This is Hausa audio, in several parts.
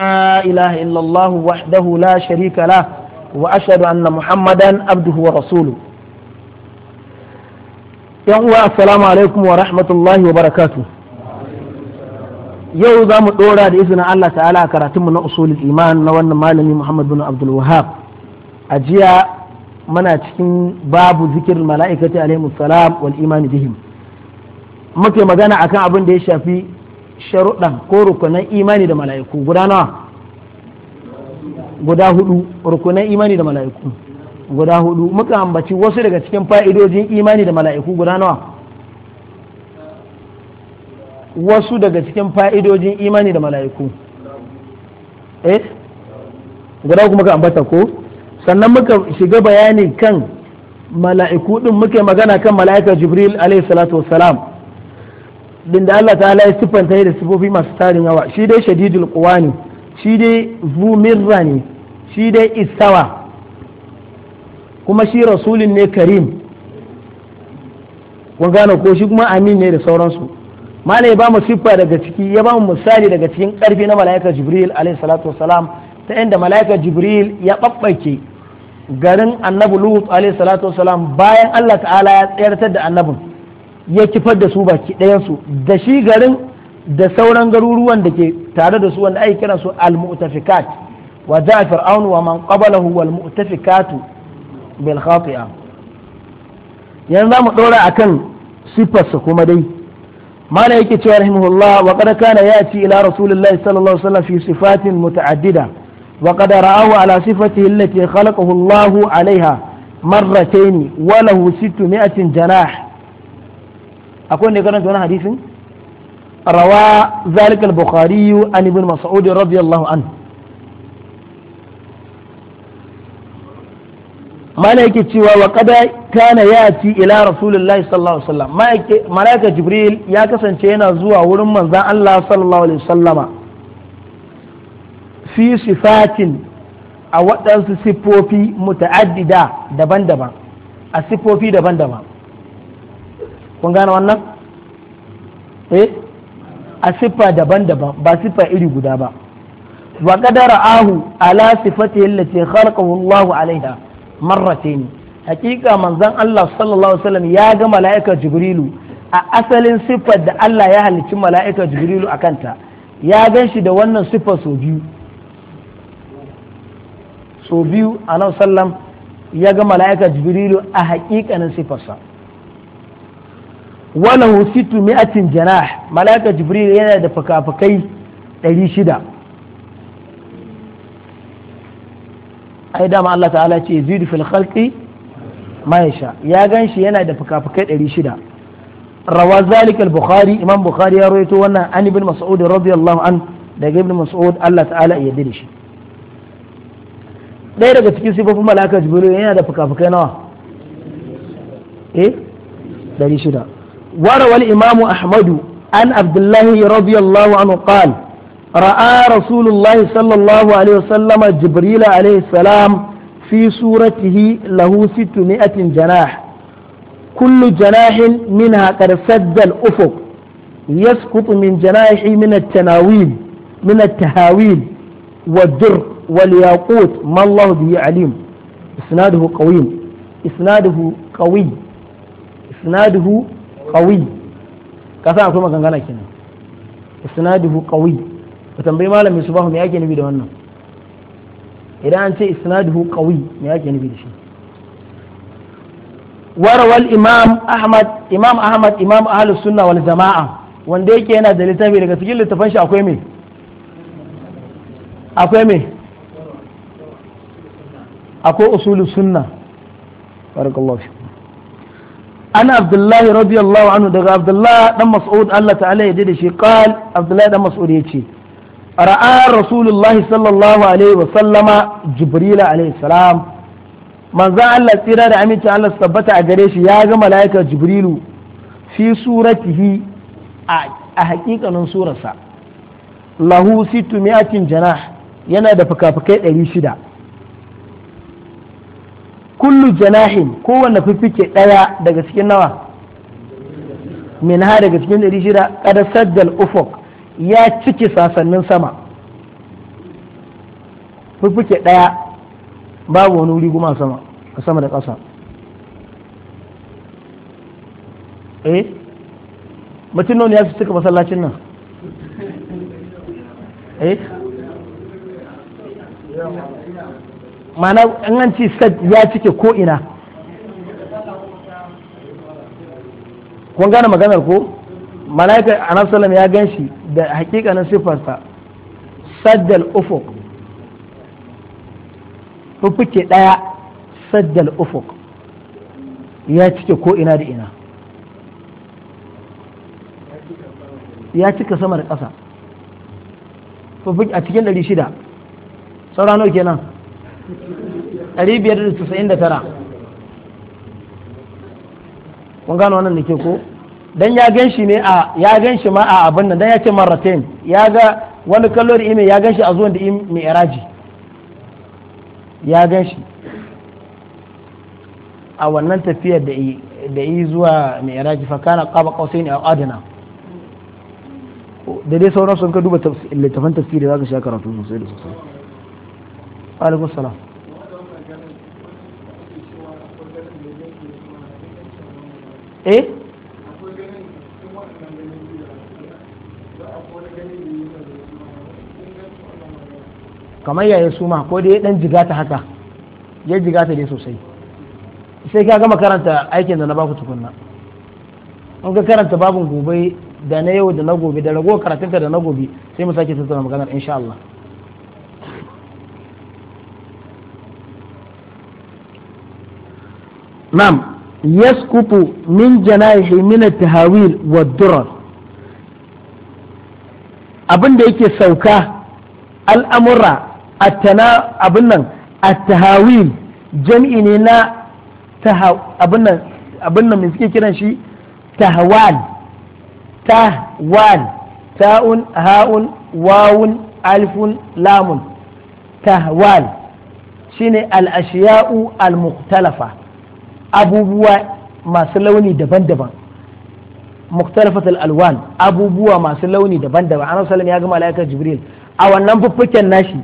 لا إله إلا الله وحده لا شريك له وأشهد أن محمدا عبده ورسوله يقول السلام عليكم ورحمة الله وبركاته yau zamu mu ɗora da izinin Allah ta'ala karatunmu na usulul iman na wannan malami Muhammad bin Abdul Wahab a jiya muna cikin babu zikirin mala'ikati alaihi salam wal iman bihim muke magana akan abin da ya shafi sharuɗan ko rukunan imani da mala'iku guda nawa guda hudu rukunan imani da mala'iku guda hudu muka ambaci wasu daga cikin fa'idojin imani da mala'iku guda nawa wasu daga cikin fa'idojin imani da mala'iku eh guda kuma ka ambata ko sannan muka shiga bayani kan mala'iku din muka magana kan mala'ikar jibril alaihi salatu wassalam din da Allah ta ya siffanta da sifofi masu tarin yawa shi dai shadidul ne shi dai zumirra ne shi dai isawa kuma shi rasulin ne karim kun gane ko shi kuma amin ne da sauransu malai ba mu siffa daga ciki ya ba mu misali daga cikin karfi na malaikar jibril alaihi salatu wasalam ta inda mala'ikar jibril ya babbake garin annabi lut alaihi salatu wasalam bayan Allah ta'ala ya tsayartar da annabin ya kifar da su baki ɗayansu da shi garin da sauran garuruwan da ke tare da su wanda ake kira su al-mu'tafikat wa za'a fir'aunu wa man qablahu wal mu'tafikatu bil khati'a yanzu zamu dora akan sifarsa kuma dai mana yake cewa rahimahullah wa qad kana yati ila rasulillahi sallallahu alaihi wasallam fi sifatin muta'addida wa qad ra'ahu ala sifatihi allati khalaqahu Allah alaiha marratayn wa lahu 600 janah akwai wanda ya karanta wani hadisin rawa zalika al-bukhari an ibn mas'ud radiyallahu anhu malaiki cewa wa kada kana yati ila rasulullahi sallallahu alaihi wasallam malaika jibril ya kasance yana zuwa wurin manzon Allah sallallahu alaihi wasallama fi sifatin a waɗansu siffofi muta'addida daban-daban a sifofi daban-daban kun gane wannan eh a siffa daban-daban ba siffa iri guda ba wa kadara ahu ala sifati allati khalaqahu Allahu alaiha marratayn hakika manzon Allah sallallahu alaihi wasallam ya ga mala'ika jibrilu a asalin siffar da Allah ya halicci mala'ika jibrilu a kanta ya gan shi da wannan siffar so biyu so biyu a sallam ya ga mala'ika jibrilu a haƙiƙanin siffarsa walahu situ mi'atin janah malaka jibril yana da fakafakai ɗari shida ai dama Allah ta'ala ce zidu fil khalqi ma yasha ya ganshi yana da fakafakai ɗari shida rawa zalika al-bukhari imam bukhari ya rawaito wannan an ibn mas'ud radiyallahu an daga ibn mas'ud Allah ta'ala ya yarda shi ɗaya daga cikin sifofin malaka jibril yana da fakafakai nawa eh ɗari shida وروى الإمام أحمد عن عبد الله رضي الله عنه قال رأى رسول الله صلى الله عليه وسلم جبريل عليه السلام في صورته له ستمائة جناح كل جناح منها قد سد الأفق يسقط من جناحه من التناويب من التهاويل والدر والياقوت ما الله به عليم إسناده قوي إسناده قوي إسناده qawi ka san akwai magangana kenan isnaduhu qawi ka tambayi malami su bahu me yake nufi da wannan idan an ce isnaduhu qawi me yake nufi da shi warawal imam ahmad imam ahmad imam ahlus sunna wal jamaa wanda yake yana da littafi daga cikin littafan shi akwai me akwai me akwai usulu sunna barakallahu ana abdullahi radiyallahu anhu daga abdullahi dan mas'ud Allah ta'ala ya da shi qal abdullahi dan ce ra'a rasulullahi sallallahu jibrila alaihi salam manzo Allah tsira da aminci Allah tabbata a gare shi ya gama malaika jibrilu fi suratihi a hakikanin surarsa lahu sittu mi'atin yana da fuka ɗari shida. kullu janahin kowanne fiffike ɗaya daga cikin nawa min ha daga cikin ɗari shida kada saddal ufuk ya ciki sasannin sama fiffike ɗaya babu wani wuri kuma sama a sama da ƙasa eh mutum nan ya cika masallacin nan eh mana an an ce sad ya cike ko ina kun gane maganar ko malaika annabi sallam ya gan shi da hakikanin sifarsa saddal ufuk fuffuke daya saddal ufuk ya cike ko ina da ina ya cika sama da ƙasa a cikin 600 saura nawa kenan 599 kun gano wannan da ke ko dan ya gan shi ne a ya gan shi ma a abin nan dan ya ce maratain ya ga wani kallo da ime ya gan shi a zuwan da mai iraji ya gan shi a wannan tafiyar da da yi zuwa mai iraji fa kana qaba ne a adana da dai sauran sun ka duba littafin tafsiri ka sha karatu sosai da sosai alaikum salam eh kamar yaya suma ko dai dan jigata haka ya jigata dai sosai sai ka gama karanta aikin da na baku tukunna in ka karanta babin gobe da na yau da na gobe da ragowar karatunka da na gobe sai mu sake tattauna maganar insha Allah نعم يسقط من جناحه من التهاويل والدرر abin da yake sauka al'amurra abin nan tahawil jam'i ne na abin nan mai suke kiran shi tahawal tahwal ta'un ha'un wawun alfun lamun tahwal shine al'ashiya'u al-muktalafa abubuwa masu launi daban-daban muktalafatul alwan abubuwa masu launi daban-daban annabi sallallahu ya ga malaikar jibril a wannan fuffuken nashi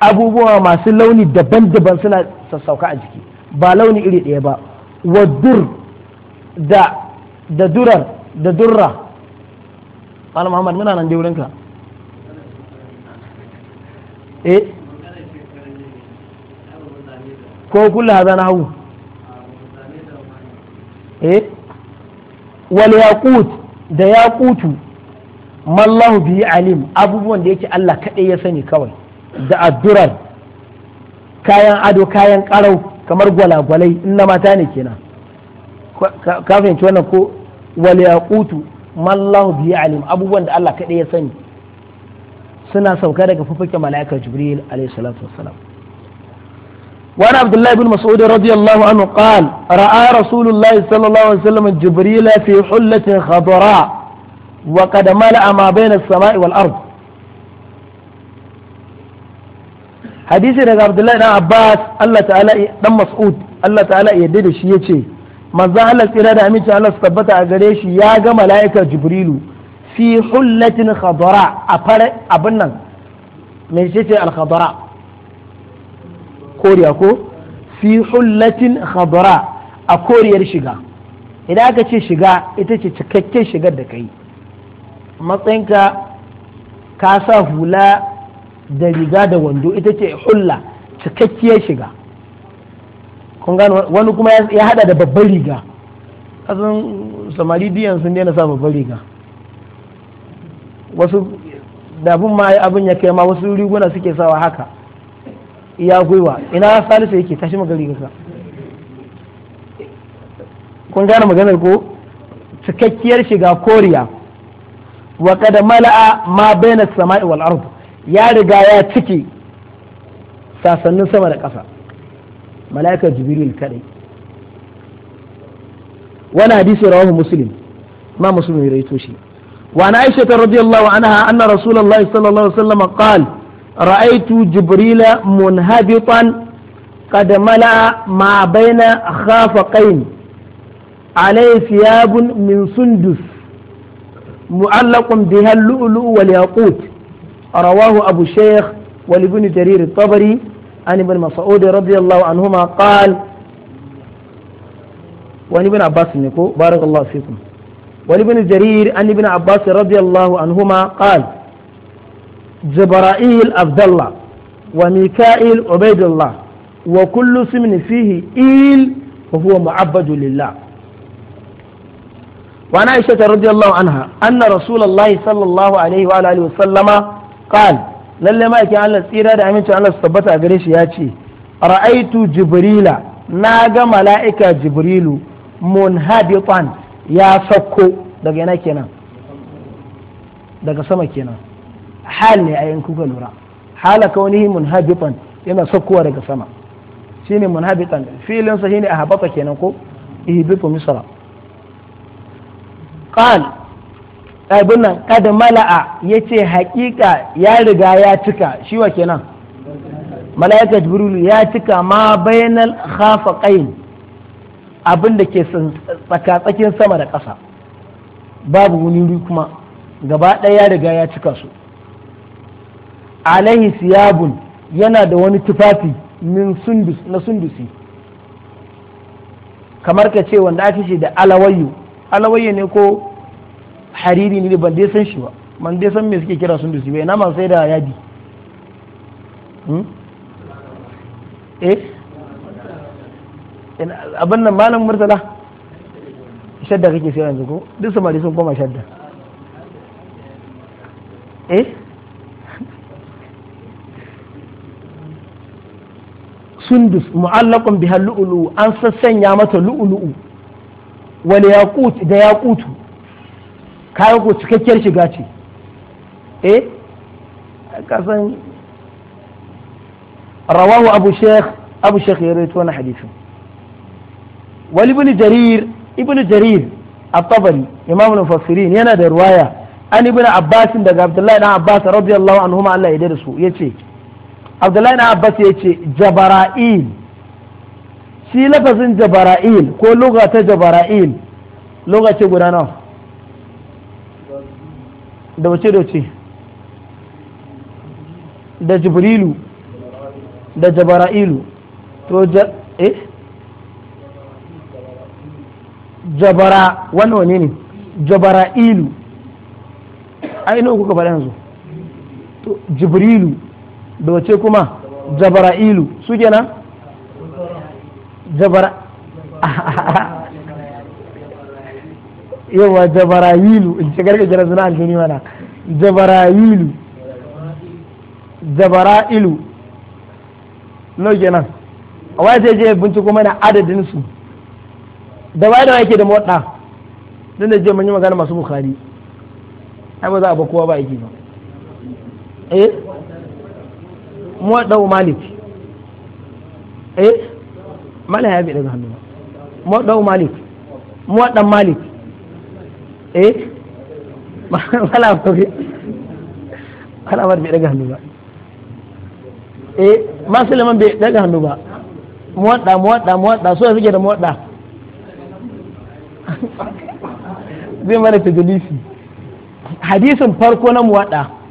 abubuwa masu launi daban-daban suna sassauka a jiki ba launi iri ɗaya ba wadur da da durar da durra Malam Muhammad muna nan dai ka? eh ko kullu hadha nahu wal da yaqutu mallahu bi alim abubuwan da yake Allah kaɗai ya sani kawai da addurar kayan ado kayan karau kamar gwalagwalai in na mata ne kenan ka fahimci wannan ko wal yaqutu mallahu bi alim abubuwan da Allah kaɗai ya sani suna sauka daga fufuke mala'ika jibril alayhi salatu wassalam وعن عبد الله بن مسعود رضي الله عنه قال رأى رسول الله صلى الله عليه وسلم جبريل في حلة خضراء وقد ملأ ما بين السماء والأرض حديث daga Abdullahi dan Abbas Allah ta'ala dan Mas'ud Allah ta'ala yadda da shi yace manzon Allah tsira da aminci Allah su tabbata a gare shi ya ga mala'ikar Jibrilu fi hullatin khadara a fara abin nan me ce koriya ko fi hullatin khadra a koriyar shiga idan aka ce shiga ita ce cikakken shigar da kai matsayinka ka sa hula da riga da wando ita ce hulla cikakkiyar shiga kun gano wani kuma ya hada da babbar riga kasan samari biyan sun daina sa babbar riga wasu dafin ma abin ya kai ma wasu riguna suke sawa haka ya gwiwa ina salisu yake tashi magari gasa kun gane maganar ko cikakkiyar shiga koriya wa kada mala'a ma baina sama'i wal ard ya riga ya cike sasannin sama da ƙasa mala'ika jibril kadai wani hadisi rawahu muslim ma muslim ya rawaito shi wa na aisha radiyallahu anha anna rasulullahi sallallahu alaihi wasallam qala رأيت جبريل منهبطا قد ملأ ما بين خافقين عليه ثياب من سندس معلق بها اللؤلؤ والياقوت رواه أبو الشيخ ولابن جرير الطبري عن ابن مسعود رضي الله عنهما قال وعن ابن عباس بارك الله فيكم ولابن جرير عن ابن عباس رضي الله عنهما قال جبرائيل عبد الله وميكائيل عبيد الله وكل اسم فيه إيل وهو معبد لله وعن عائشة رضي الله عنها أن رسول الله صلى الله عليه وآله وسلم قال lalle ma Allah tsira da amincin Allah su tabbata a gare shi ya ce ra'aitu jibrila na ga mala'ika jibrilu munhabitan ya sauko daga yana kenan daga sama kenan hal ne a kuka lura hala kaunihi munhabitan yana sakkowa daga sama shi ne munhabitan filin sa shine habata kenan ko ihibitu misra qal abin nan kad mala'a yace hakika ya riga ya cika shi wa kenan mala'ika jibril ya cika ma bainal khafaqain abin da ke tsakatsakin sama da ƙasa babu wani kuma gaba ɗaya ya riga ya cika su alaihi siyabun yana da wani tufafi min sundus na sundusi kamar ka ce wanda ake ce da alawayu alawayu ne ko hariri ne ban dai san shi ba man dai san me suke kira sundusi bai na man sai da yadi hmm? eh abin nan malam murtala shadda kake sai yanzu ko duk samari sun koma shadda eh sundus mu'allaqun biha lu'lu'u an sassanya mata lu'lu'u wal yaqut da yaqutu kayan ko cikakkiyar shiga ce eh kasan rawahu abu sheikh abu sheikh ya rawaito wannan hadisin wal ibn jarir ibn jarir at-tabari imam al-mufassirin yana da riwaya an ibn abbas daga abdullahi dan abbas radiyallahu anhuma Allah ya yarda su yace abdullahi na abbas ya ce jabara'il shi lafazin jabara'il ko luga ta jabara'il luga ce guda nawa da wace da wace da jibrilu da jabara'ilu to eh jabara wani wane ne jabara'ilu ainihin kuka faɗa yanzu to jibrilu da wace kuma jabara'ilu su gina? jabara yawa jabara'ilu in ce garga jiran suna aljini mana jabara'ilu jabara'ilu no gina a waya wace je binciko mana adadin su da waya da yake da moɗa don da je mun yi magana masu bukari ai ba za a ba kowa ba aiki ba eh mu muwaɗau malik eh mala ya bi daga hannu muwaɗau malik muwaɗan malik eh mala ba bi mala ba bi daga hannu ba eh masu liman bai daga hannu ba mu mu muwaɗa mu muwaɗa so ya suke da muwaɗa zai mana tajalifi hadisin farko na mu muwaɗa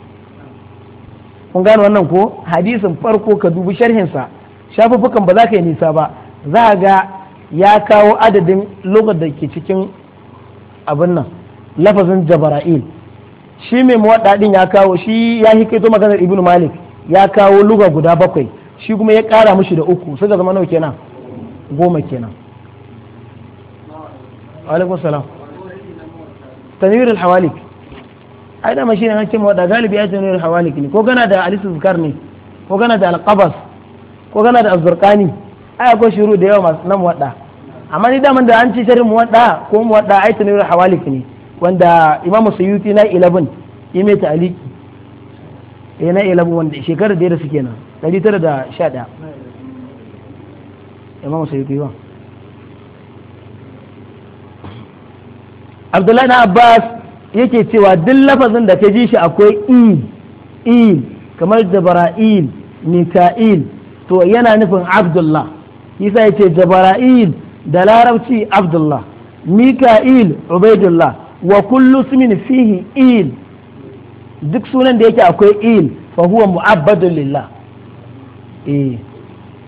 kun gane wannan ko hadisin farko ka dubi sharhinsa shafuffukan ba za ka yi nisa ba za a ga ya kawo adadin lokacin da ke cikin abin nan lafazin jabara'il shi mai muwaɗaɗin ya kawo shi ya hikaito maganar ibn malik ya kawo luga guda bakwai shi kuma ya kara mushi da uku suka zama nawa kenan goma kenan alaikum salam tanwirul hawalik ai da shi ne an ce ma da galibi ya ce ne hawalik ne ko gana da alisu zukar ne ko gana da alqabas ko gana da azurqani ai ko shuru da yawa masu nan wadda amma ni daman da an ce mu muwadda ko mu muwadda ai ta ne hawalik ne wanda imamu suyuti na 11 ya ta aliki eh na 11 wanda shekarar da ya rasu kenan 911 imamu suyuti wa Abdullahi na Abbas yake cewa duk lafazin da ka ji shi akwai i il, kamar jabara'il mika'il to yana nufin abdullah isa ya ce jabara'il da larabci abdullah mika'il ubaidullah wa kullu ismin fihi il duk sunan da yake akwai il fa huwa mu'abbadun lillah eh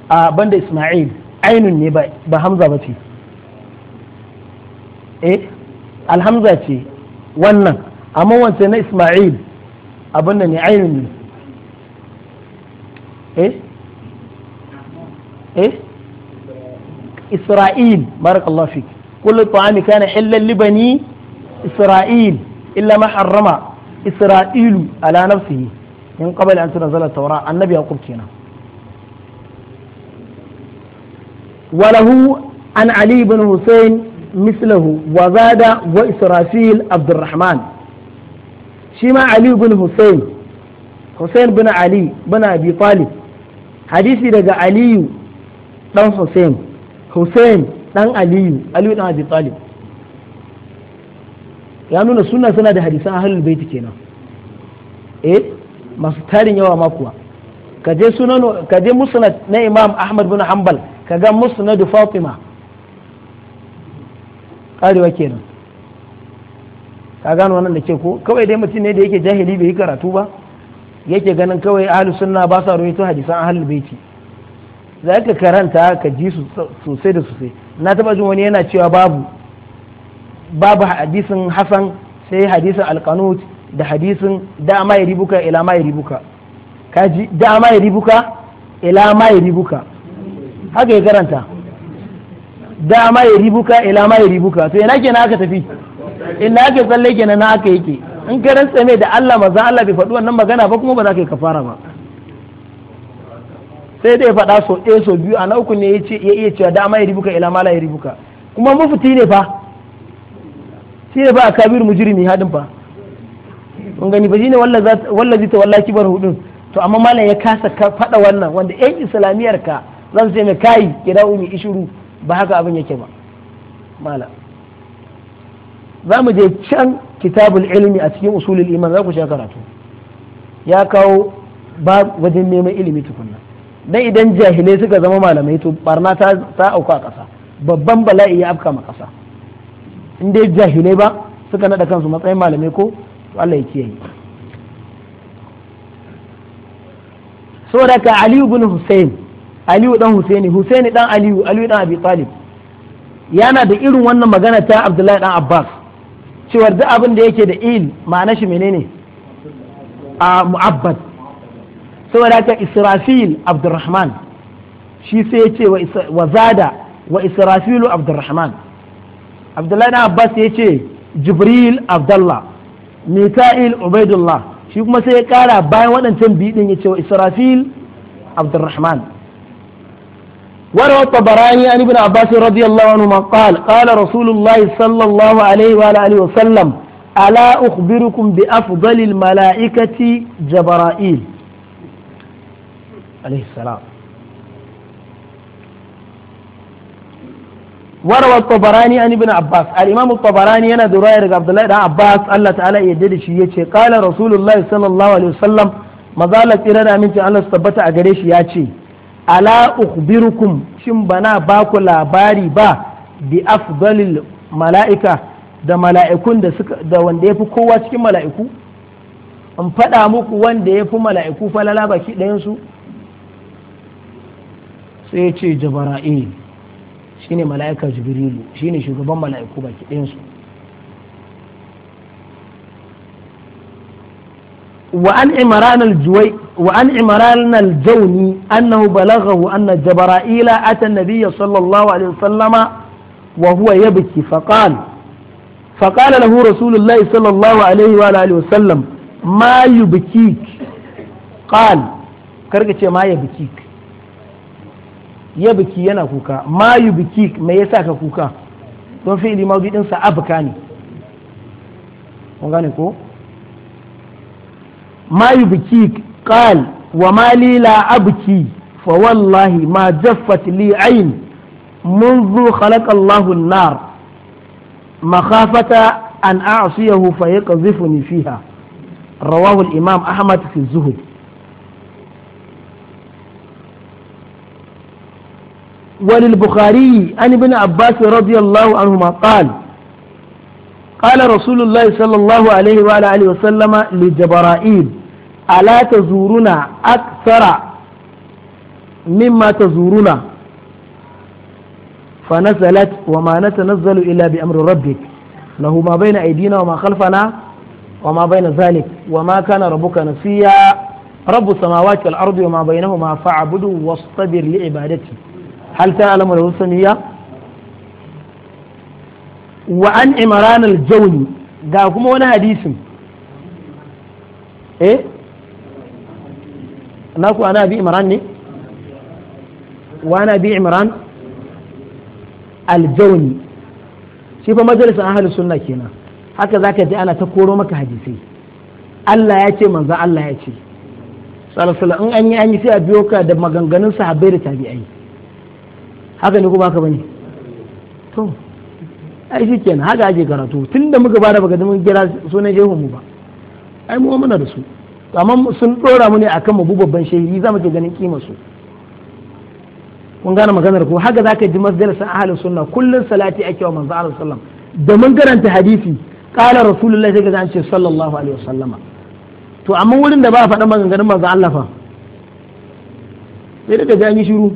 a banda isma'il ainun ne ba hamza ba ce eh alhamza ce wannan amma wancan na Ismail abin da ne ainihin ne eh eh Isra'il barakallahu fik kullu ta'ami kana hillan li bani Isra'il illa ma harrama Isra'ilu ala nafsihi min qabl an tunzala tawra annabi yaqub kenan وله عن علي بن حسين مثله وزاد وإسرافيل عبد الرحمن شما علي بن حسين حسين بن علي بن أبي طالب حديثي لقى علي بن حسين حسين بن علي علي بن أبي طالب ya nuna suna suna da hadisan ahlul baiti kenan eh masu tarin yawa ma kuwa ka je musnad na imam ahmad bin hanbal ka ga musnad fatima karewa kenan ka gano wannan da ke ko kawai dai mutum ne da yake jahili bai yi karatu ba yake ganin kawai ahli sunna ba sa rawaito hadisan ahlul baiti za ka karanta ka ji su sosai da sosai na taba jin wani yana cewa babu babu hadisin hasan sai hadisin alqanut da hadisin da ma ribuka ila ma ka kaji da ma ribuka ila ma ribuka haka ya karanta da ma ya ribuka ila ma ya ribuka to yana kenan aka tafi ina ake tsalle kenan na aka yake in ka rantsa mai da Allah maza Allah bai faɗi wannan magana ba kuma ba za ka yi kafara ba sai dai faɗa so ɗaya so biyu a na uku ne ya iya cewa da ma ya ribuka ila ma la ya ribuka kuma mufti ne fa shi ne ba a kabir mujrimi hadin fa mun gani ba shine wallazi ta wallaki bar hudun to amma malam ya kasa faɗa wannan wanda ƴan islamiyar ka zan sai mai kai kira umi ishuru ba haka abin yake ba mala za mu je can kitabul ilimi a cikin usulul iman za ku sha karatu ya kawo ba wajen neman ilimi tukunna dan idan jahilai suka zama malamai to barna ta ta auka kasa babban bala'i ya afka ma kasa in dai jahilai ba suka nada kansu matsayin malamai ko to Allah ya kiyaye saboda ka Ali ibn Hussein aliyu dan husaini husaini dan aliyu aliyu dan abi talib yana da irin wannan magana ta abdullahi dan abbas cewa duk abin da yake da il ma'ana shi menene a mu'abbad saboda haka israfil abdurrahman shi sai ya ce wa zada wa israfilu abdurrahman abdullahi dan abbas ya ce jibril abdullah mika'il ubaidullah shi kuma sai ya kara bayan waɗancan biyu ya ce wa israfil abdurrahman وروى الطبراني عن ابن عباس رضي الله عنهما قال قال رسول الله صلى الله عليه وآله وسلم ألا أخبركم بأفضل الملائكة جبرائيل عليه السلام وروى الطبراني عن ابن عباس الإمام الطبراني أنا دراية عبد الله بن عباس الله تعالى يدري شيء قال رسول الله صلى الله عليه وسلم ما زالت إرادة من الله ثبت أجريش ياتي ala ukhbirukum shin bana ba ku labari ba bi afdalil mala'ika da mala'ikun da suka da wanda yafi kowa cikin mala'iku in faɗa muku wanda yafi mala'iku falala baki ɗayan su sai ce jabara'il shine mala'ika jibrilu shine shugaban mala'iku baki ɗayan su وعن عمران الجوي وعن عمران الجوني أنه بلغه أن جبرائيل أتى النبي صلى الله عليه وسلم وهو يبكي فقال فقال له رسول الله صلى الله عليه وآله وسلم ما يبكيك قال كركة ما يبكيك يبكي أنا كوكا ما يبكيك ما يساك كوكا don fi'ili mawdi din sa abka ne kun gane ko ما يبكيك قال وما لي لا أبكي فوالله ما جفت لي عين منذ خلق الله النار مخافة أن أعصيه فيقذفني فيها رواه الإمام أحمد في الزهد وللبخاري عن ابن عباس رضي الله عنهما قال قال رسول الله صلى الله عليه وعلى آله وسلم لجبرائيل ala ta zuruna aksara mimma ta zuruna fa nazalat wa ma natanazzalu illa bi amri rabbik lahu ma baina aydina wa ma khalfana wa ma baina wa ma kana رب السماوات والأرض وما بينهما فاعبده واصطبر لعبادته هل تعلم له سمية وعن عمران الجوني ga kuma wani hadisin naku ana bi imran ne wa ana bi imran aljawni shi fa majalisar ahlus sunna kenan haka zaka ji ana ta koro maka hadisai Allah ya ce manzo Allah ya ce sallallahu in an yi an yi sai a biyo ka da maganganun sahabbai da tabi'ai haka ne ko baka bane to ai shi kenan haka ake karatu tunda muka bada baka da mun kira sunan shehu mu ba ai mu muna da su amma sun dora mu ne kan mabu babban shahidi za mu ke ganin kimarsu su kun gane maganar ku haka zaka ji masjalisin ahalin sunna kullum salati ake wa manzo Allah sallam da mun garanta hadisi qala rasulullah sai ga an ce sallallahu alaihi wasallama to amma wurin da ba a faɗa maganganun manzo Allah fa sai daga an yi shiru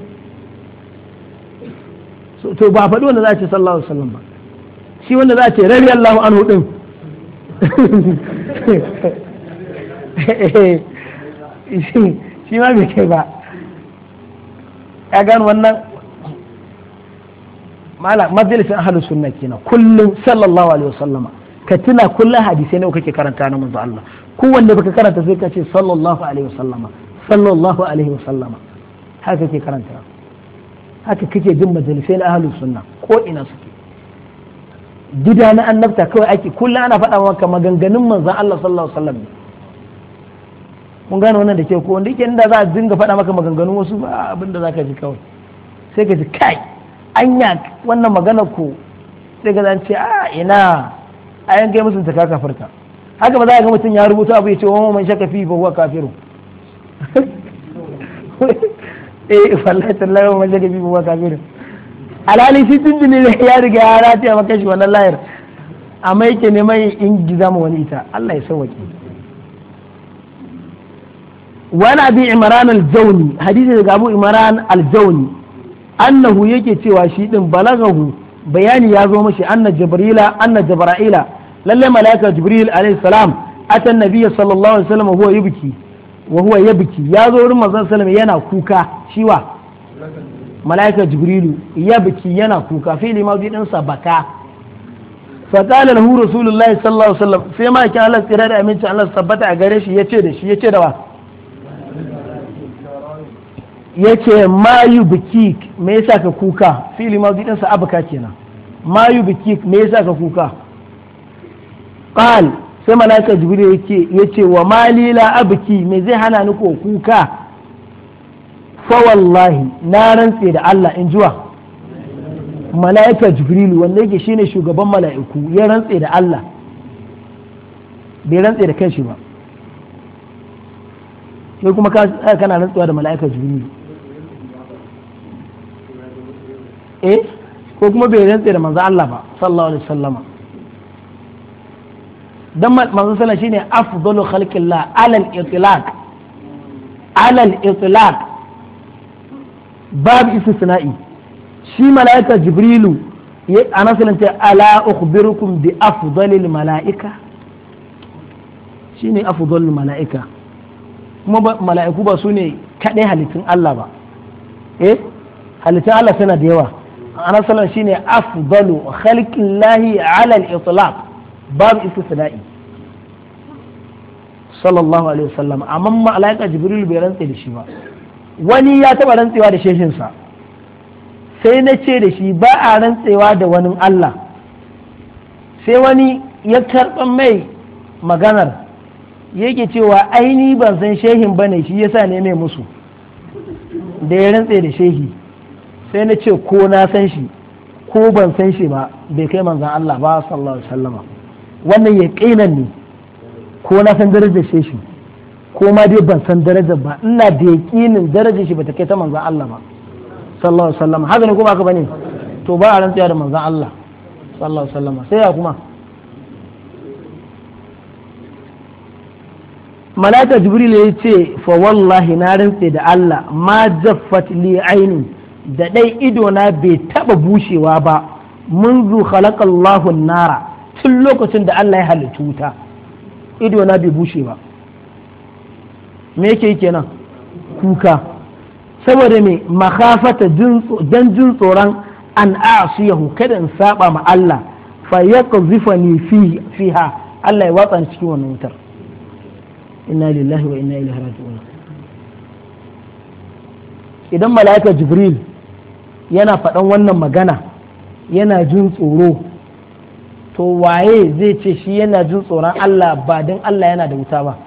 to ba faɗi wanda za a ce sallallahu alaihi wasallam ba shi wanda za a ce Allahu anhu din Eh, shi ma bai kai ba ya gano wannan majalisin ahalus sunna kenan kullum sallallahu alaihi wasallama ka tuna kullum hadisai ne kake karanta na manzo Allah kowanne baka karanta sai ka ce sallallahu alaihi wasallama sallallahu alaihi wasallama haka ke karanta haka kake jin majalisai na ahalin sunna ko ina suke gida na annabta kawai ake kullum ana faɗa maka maganganun manzon Allah sallallahu alaihi wasallam mun gane wannan da ke ko wanda yake inda za a dinga faɗa maka maganganun wasu ba abin da za ka ji kawai sai ka ji kai anya wannan magana ko sai ka zance a ina a yan kai musun taka kafarka haka ba za a ga mutum ya rubuta abu ya ce wani man shaka fi huwa kafiru eh wallahi tallahi man shaka fi huwa kafiru alhali shi tun ne ya riga ya rataya maka shi wannan layar amma yake neman in gizama wani ita Allah ya sauwaƙe. wani abin imran al-jawni hadisi daga abu imran al-jawni annahu yake cewa shi din balagahu bayani ya zo mashi anna jibrila anna jibra'ila lalle malaika jibril alayhi salam ata nabiy sallallahu alaihi wasallam huwa yabki wa huwa yabki ya zo wurin manzon sallam yana kuka shiwa malaika jibrilu yabki yana kuka fili ma bi dinsa baka فقال له رسول Sallallahu صلى الله عليه وسلم فيما كان tsira da aminci Allah tabbata a gare shi yace da shi yace da wa yace mayu bikik me yasa ka kuka fili ma din abuka kenan mayu bikik me yasa ka kuka ƙal sai malaika jibril ya ce wa mali la abki me zai hana ni ko kuka fa wallahi na rantse da Allah in jiwa malaika jibril wanda yake shine shugaban mala'iku ya rantse da Allah bai rantse da kanshi ba sai kuma kana rantsuwa da mala'ikar jibril eh ko kuma bai rantse da manzo Allah ba sallallahu alaihi wasallam dan manzo sallallahu shine afdalu khalqillah alal itlaq alal itlaq babu istisna'i shi mala'ika jibrilu ana salanta ala ukhbirukum bi afdalil mala'ika shine afdalul mala'ika kuma mala'iku ba su ne kadai halittun Allah ba eh halittun Allah suna da yawa ana sallan shine afdalu khalqillahi ala al-itlaq babu istisna'i sallallahu alaihi wasallam amma malaika jibril bai rantsa da shi ba wani ya taba rantsewa da sa. sai na ce da shi ba a rantsewa da wani Allah sai wani ya karɓa mai maganar yake cewa aini ban san shehin bane shi yasa ne mai musu da ya rantse da shehi sai na ce ko na san shi ko ban san shi ba bai kai manzan Allah ba sallallahu alaihi wasallama wannan ya kainan ne ko na san darajar shi ko ma dai ban san darajar ba ina da yakinin darajar shi bata kai ta manzan Allah ba sallallahu alaihi wasallama haka ne kuma haka bane to ba a rantsiya da manzan Allah sallallahu alaihi wasallama sai ya kuma malaka jibril ya ce fa wallahi na rantse da Allah ma jaffat li ainin da ɗai idona bai taɓa bushewa ba mun munzu khalaqallahu nara tun lokacin da Allah ya halittu wuta idona bai bushe ba me yake kenan kuka saboda me makafata don jin tsoron an asiyahu kada in saba ma Allah fa yaqzifani fiha Allah ya watsa ni cikin wannan wutar inna lillahi wa inna ilaihi raji'un idan mala'ika jibril yana faɗan wannan magana yana jin tsoro to waye zai ce shi yana jin tsoron Allah ba don Allah yana da wuta ba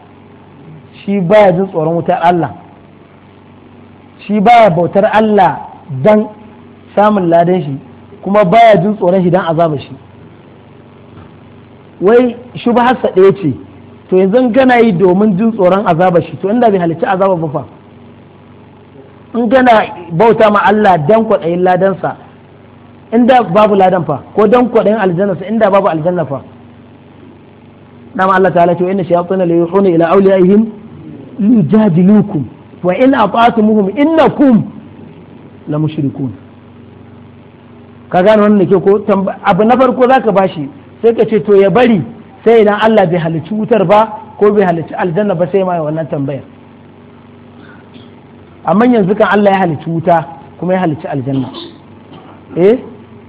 shi baya jin tsoron wutar Allah shi baya bautar Allah don samun ladan shi kuma baya jin tsoron shi don azaba shi wai shi ba hasa ɗaya ce to yanzu gana yi domin jin tsoron azaba shi to inda bai halicci azaba ba fa in gana bauta ma Allah dan kwaɗayin ladansa inda babu ladan fa ko dan kwaɗayin aljannarsa inda babu aljanna fa dama Allah ta'ala ce inna shayatina la yuhuna ila awliyaihim yujadilukum wa in ata'tumuhum innakum la mushrikun ka gane wannan ke ko abu na farko zaka bashi sai ka ce to ya bari sai idan Allah bai halicci wutar ba ko bai halicci aljanna ba sai ma wannan tambayar amma yanzu kan Allah ya halicci wuta kuma ya halicci aljanna eh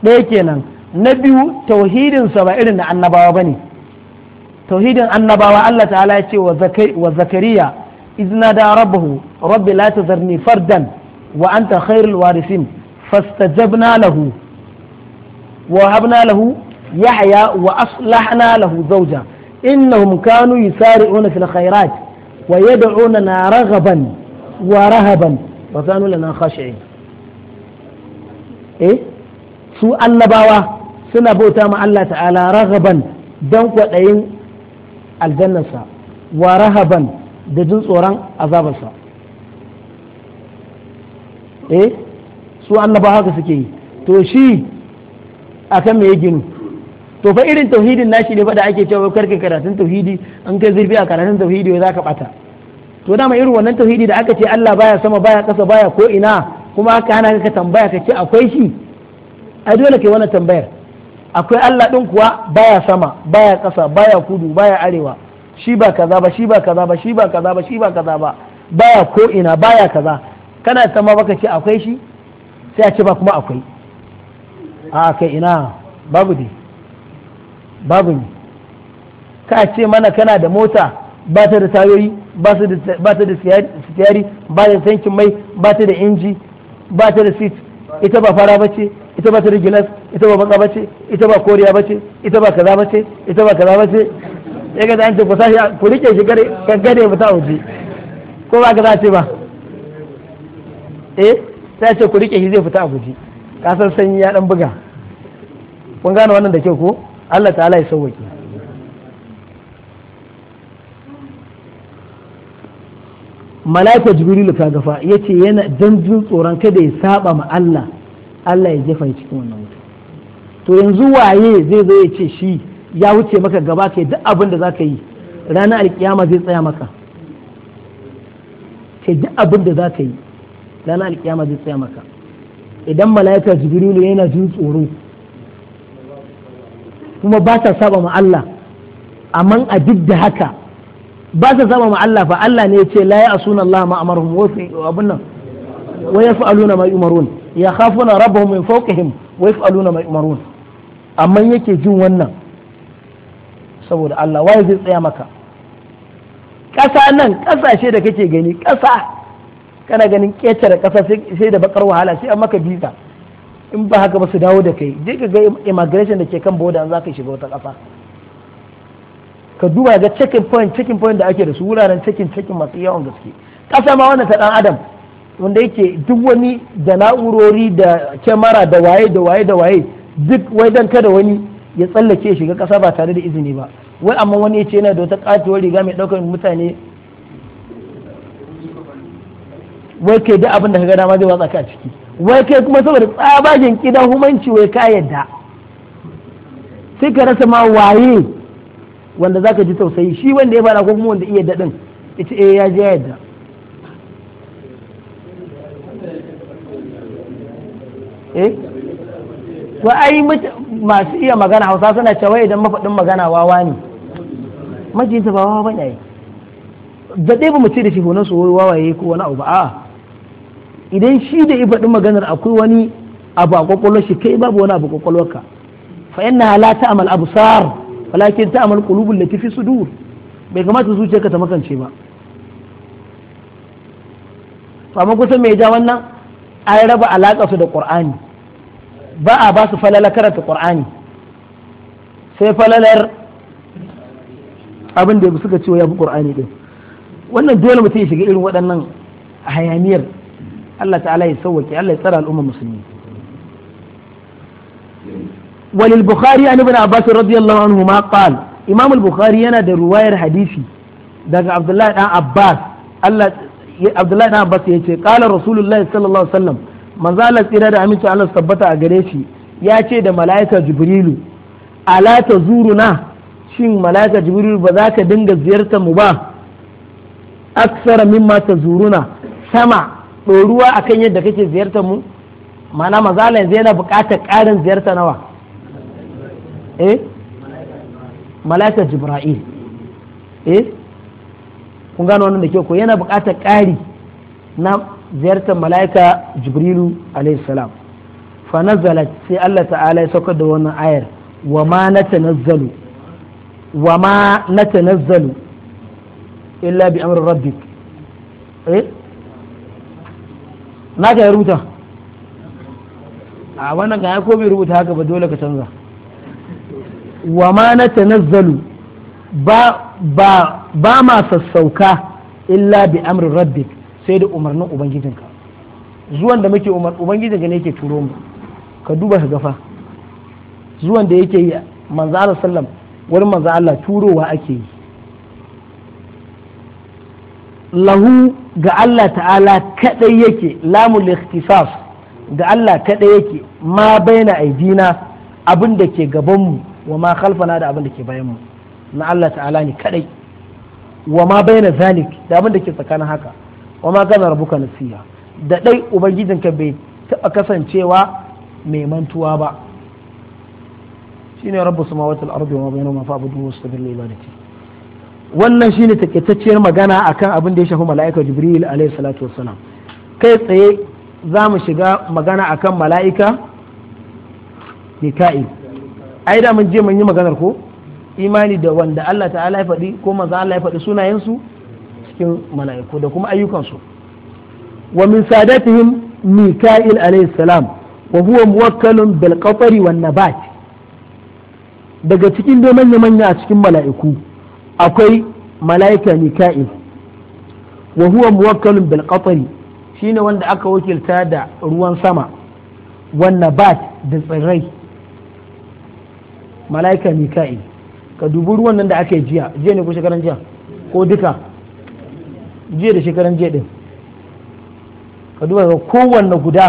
ɗaya kenan na biyu tauhidin sa ba irin na annabawa bane tauhidin annabawa Allah ta'ala ya ce wa zakariya izna da rabbahu rabbi la tazarni fardan wa anta khairul warisin fastajabna lahu wa habna lahu yahya wa aslahna lahu zawja innahum kanu yusari'una fil khairat wa yad'una raghaban ورهبا وكانوا لنا خاشعين eh su annabawa suna bauta ma Allah ta'ala ragaban dan kwaɗayin aljannarsa wa rahaban da jin tsoron azabarsa eh su annabawa haka suke yi to shi akan me ya ginu to fa irin tauhidin nashi ne fa da ake cewa karka karatun tauhidi an kai zurfi a karatun tauhidi za ka ɓata. to dama irin wannan tauhidi da aka ce Allah baya sama baya ƙasa baya ko ina kuma aka hana ka tambaya ka ce akwai shi ai dole kai wannan tambayar akwai Allah din kuwa baya sama baya ƙasa baya kudu baya arewa shi ba kaza ba shi ba kaza ba shi ba kaza ba shi ba kaza ba baya ko ina baya kaza kana sama baka ce akwai shi sai a ce ba kuma akwai a kai ina babu ne, babu ne ka ce mana kana da mota ba ta da tayoyi ba ta da sitiyari ba da tankin mai ba ta da inji ba ta da seat ita ba fara ba ce ita ba ta da gilas ita ba baka ce ita ba koriya ba ce ita ba kaza ba ce ita ba kaza ba ce ya ga an ce ku sashi ku rike shi gare gane mu ta waje ko ba ka za ce ba eh sai ce ku rike shi zai fita a guji kasar sanyi ya dan buga kun gane wannan da kyau ko Allah ta'ala ya sauwake malaka jibrilu gafa ya yace yana dan jin tsoron kada ya saba ma Allah Allah ya jefa cikin wannan wuta to yanzu waye zai zo ya ce shi ya wuce maka gaba kai duk abin da zaka yi ranar alkiyama zai tsaya maka kai duk abin da zaka yi ranar alkiyama zai tsaya maka idan malaika jibril yana jin tsoro kuma ba ta saba ma Allah amma a duk da haka ba su saba ma Allah fa Allah ne ya ce la a Allah ma amarhum wa fi abun nan wa yaf'aluna ma yumarun khafuna rabbuhum min fawqihim wa yaf'aluna ma yumarun amma yake jin wannan saboda Allah waye zai tsaya maka ƙasa nan ƙasashe da kake gani ƙasa kana ganin ƙetare ƙasa sai da bakar wahala sai an maka biza in ba haka ba su dawo da kai je ka ga immigration da ke kan boda an zaka shiga wata ƙasa ka duba ga checking point checking point da ake da su wuraren checking checking masu yawan gaske kasa ma wannan ta dan adam wanda yake duk wani da na'urori da kyamara da waye da waye da waye duk wai dan kada wani ya tsallake shiga kasa ba tare da izini ba wai amma wani ya ce yana da wata katuwar riga mai daukar mutane wai kai da abin da ka ga dama zai watsa ka ciki wai kai kuma saboda tsabagen kidan humanci wai ka yadda sai ka rasa ma waye wanda za ka ji tausayi shi wanda ya fara ko kuma wanda iya daɗin ita ce eh, ya je yadda eh ai masu iya magana hausa suna cewa idan mafaɗin magana wawa ne majinsa ba wawa bane ai da ɗaya ba mu ce da shi honon su wawaye ko wani abu ba a'a idan shi da ya faɗi maganar akwai wani abu a kwakwalwar shi kai babu wani abu a kwakwalwarka fa inna la ta'mal absar walakin ta amal da lati fi duhu bai kamata ka ta makance ba to amma kusan me ja wannan an raba alaƙa su da ƙur'ani. ba a ba su falala karanta ƙur'ani. sai falalar abin da suka ce ya fi ƙur'ani ɗin. wannan dole mutum ya shiga irin waɗannan hayaniyar Allah ta'ala ya sauwake Allah ya tsara al'ummar musulmi walil bukhari an ibn abbas radiyallahu anhu ma qal imam al-bukhari yana da ruwayar hadisi daga abdullahi dan abbas Allah abdullahi dan abbas yace qala rasulullahi sallallahu alaihi wasallam manzo Allah tsira da aminci Allah tabbata a gare shi ya ce da mala'ika jibrilu ala zuruna shin mala'ika jibrilu ba za ka dinga ziyartar mu ba aksara mimma zuruna. sama ɗoruwa akan yadda kake ziyartar mu ma'ana manzo Allah yanzu yana buƙatar ƙarin ziyarta nawa eh mala'ika jibra'il eh kun gano wannan da ke ko yana buƙatar ƙari na ziyartar mala'ika jibrilu alayhi salam fa nazalat sai Allah ta'ala ya saukar da wannan ayar wa ma natanazzalu wa ma natanazzalu illa bi amri rabbik eh na ga rubuta a wannan ga ya ko rubuta haka ba dole ka canza wa ma na tanazzalu ba ba ba ma sassauka illa bi amri rabbik sai da umarnin ubangijinka zuwan da muke umar ubangijinka ne yake turo mu ka duba ka gafa zuwan da yake yi manzo Allah sallam wurin manzo Allah turowa ake yi lahu ga Allah ta'ala kadai yake lamul ikhtisas ga Allah kadai yake ma baina aidina abin da ke gabanmu wa ma khalfana da abin da ke bayan mu na Allah ta'ala ne kadai wa ma bayna zalik da abin da ke tsakanin haka wa ma kana rabbuka nasiya da dai ubangijinka bai taba kasancewa mai mantuwa ba shine rabbus samawati wal ardi wa ma bainahuma fa'buduhu wastabir li ibadati wannan shine takaitacciyar magana akan abin da ya shafi mala'ika jibril alayhi salatu wassalam kai tsaye za mu shiga magana akan mala'ika mika'il ai da mun je mun yi maganar ko imani da wanda Allah ta'ala ya faɗi ko manzo Allah ya faɗi sunayensu cikin mala'iku da kuma ayyukansu wa min sadatihim mika'il alayhi salam wa huwa muwakkalun bil qatari wan nabat daga cikin da manya manya a cikin mala'iku akwai mala'ika mika'il wa huwa muwakkalun bil qatari shine wanda aka wakilta da ruwan sama wan nabat da tsirrai mala'ika mika'i ka dubi ruwan nan da aka yi jiya jiya ne ko shekaran jiya ko duka jiya da shekaran jiya din ka duba ga kowanne guda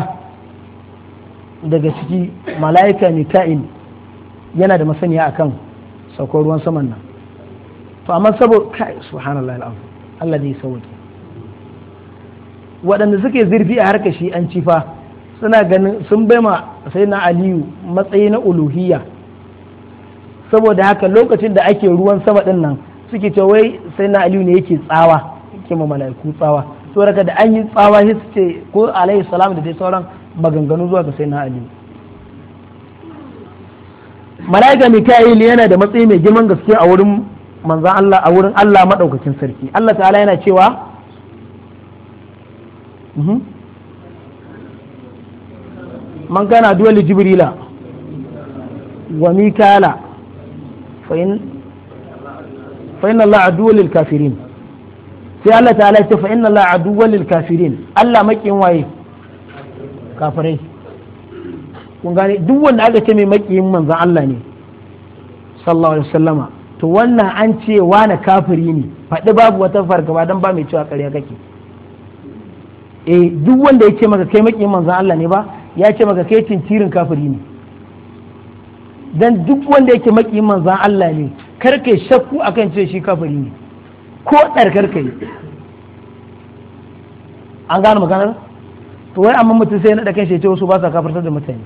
daga ciki mala'ika mika'i yana da masaniya akan saukar ruwan saman nan to amma saboda kai subhanallah al'azim Allah ne sauke waɗanda suke zirfi a harkashi shi an cifa suna ganin sun bai ma sai na aliyu matsayi na uluhiyya saboda haka lokacin da ake ruwan sama din nan suke ce wai sai na aliyu ne yake tsawa yake ma mala'iku tsawa daga da an yi tsawa sai ce ko alaihi salam da dai sauran maganganu zuwa ga sai na aliyu mala'ika mika'il yana da matsayi mai girman gaske a wurin manzan Allah a wurin Allah madaukakin sarki Allah ta'ala yana cewa mhm. man kana duwali jibrila wa mikala fa'in fa'in Allah aduwwal lil kafirin sai Allah ta'ala ya ce fa'in Allah aduwwal lil kafirin Allah makin waye kafirai kun gane duk wanda aka ce mai makiyin manzon Allah ne sallallahu alaihi wasallama to wannan an ce na kafiri ne faɗi babu wata fargaba don ba mai cewa ƙarya kake eh duk wanda ya ce maka kai makiyin manzon Allah ne ba ya ce maka kai tintirin kafiri ne dan duk wanda yake maki manzan Allah ne kar kai shakku akan ce shi kafiri ne ko tsarkar kai an gane maganar to wai amma mutum sai na da kan shi wasu ba sa kafartar da mutane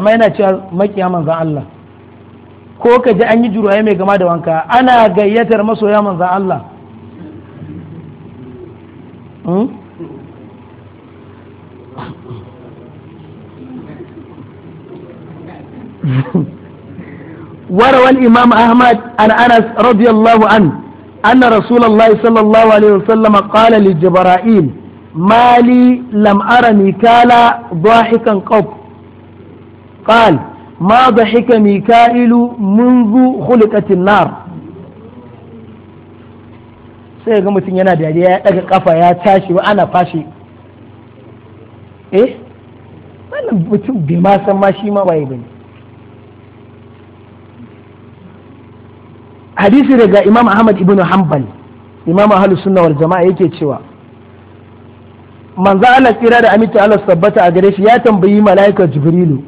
amma yana cewa makiya manzan Allah ko ka ji an yi juruwaye mai gama da wanka ana gayyatar masoya manzan Allah hmm? وروى الإمام أحمد عن أنس رضي الله عنه أن رسول الله صلى الله عليه وسلم قال لجبرائيل ما لي لم أر ميكالا ضاحكا قط قال ما ضحك ميكائيل منذ خلقت النار sai ga mutum yana dariya ya daga kafa ya tashi wa ana fashi eh wannan mutum bai ma san ma shi ma waye bane hadisi daga imam ahmad ibn hanbal imam ahlus sunna wal jama'a yake cewa manzo Allah tsira da aminta Allah tabbata a gare shi ya tambayi mala'ika jibrilu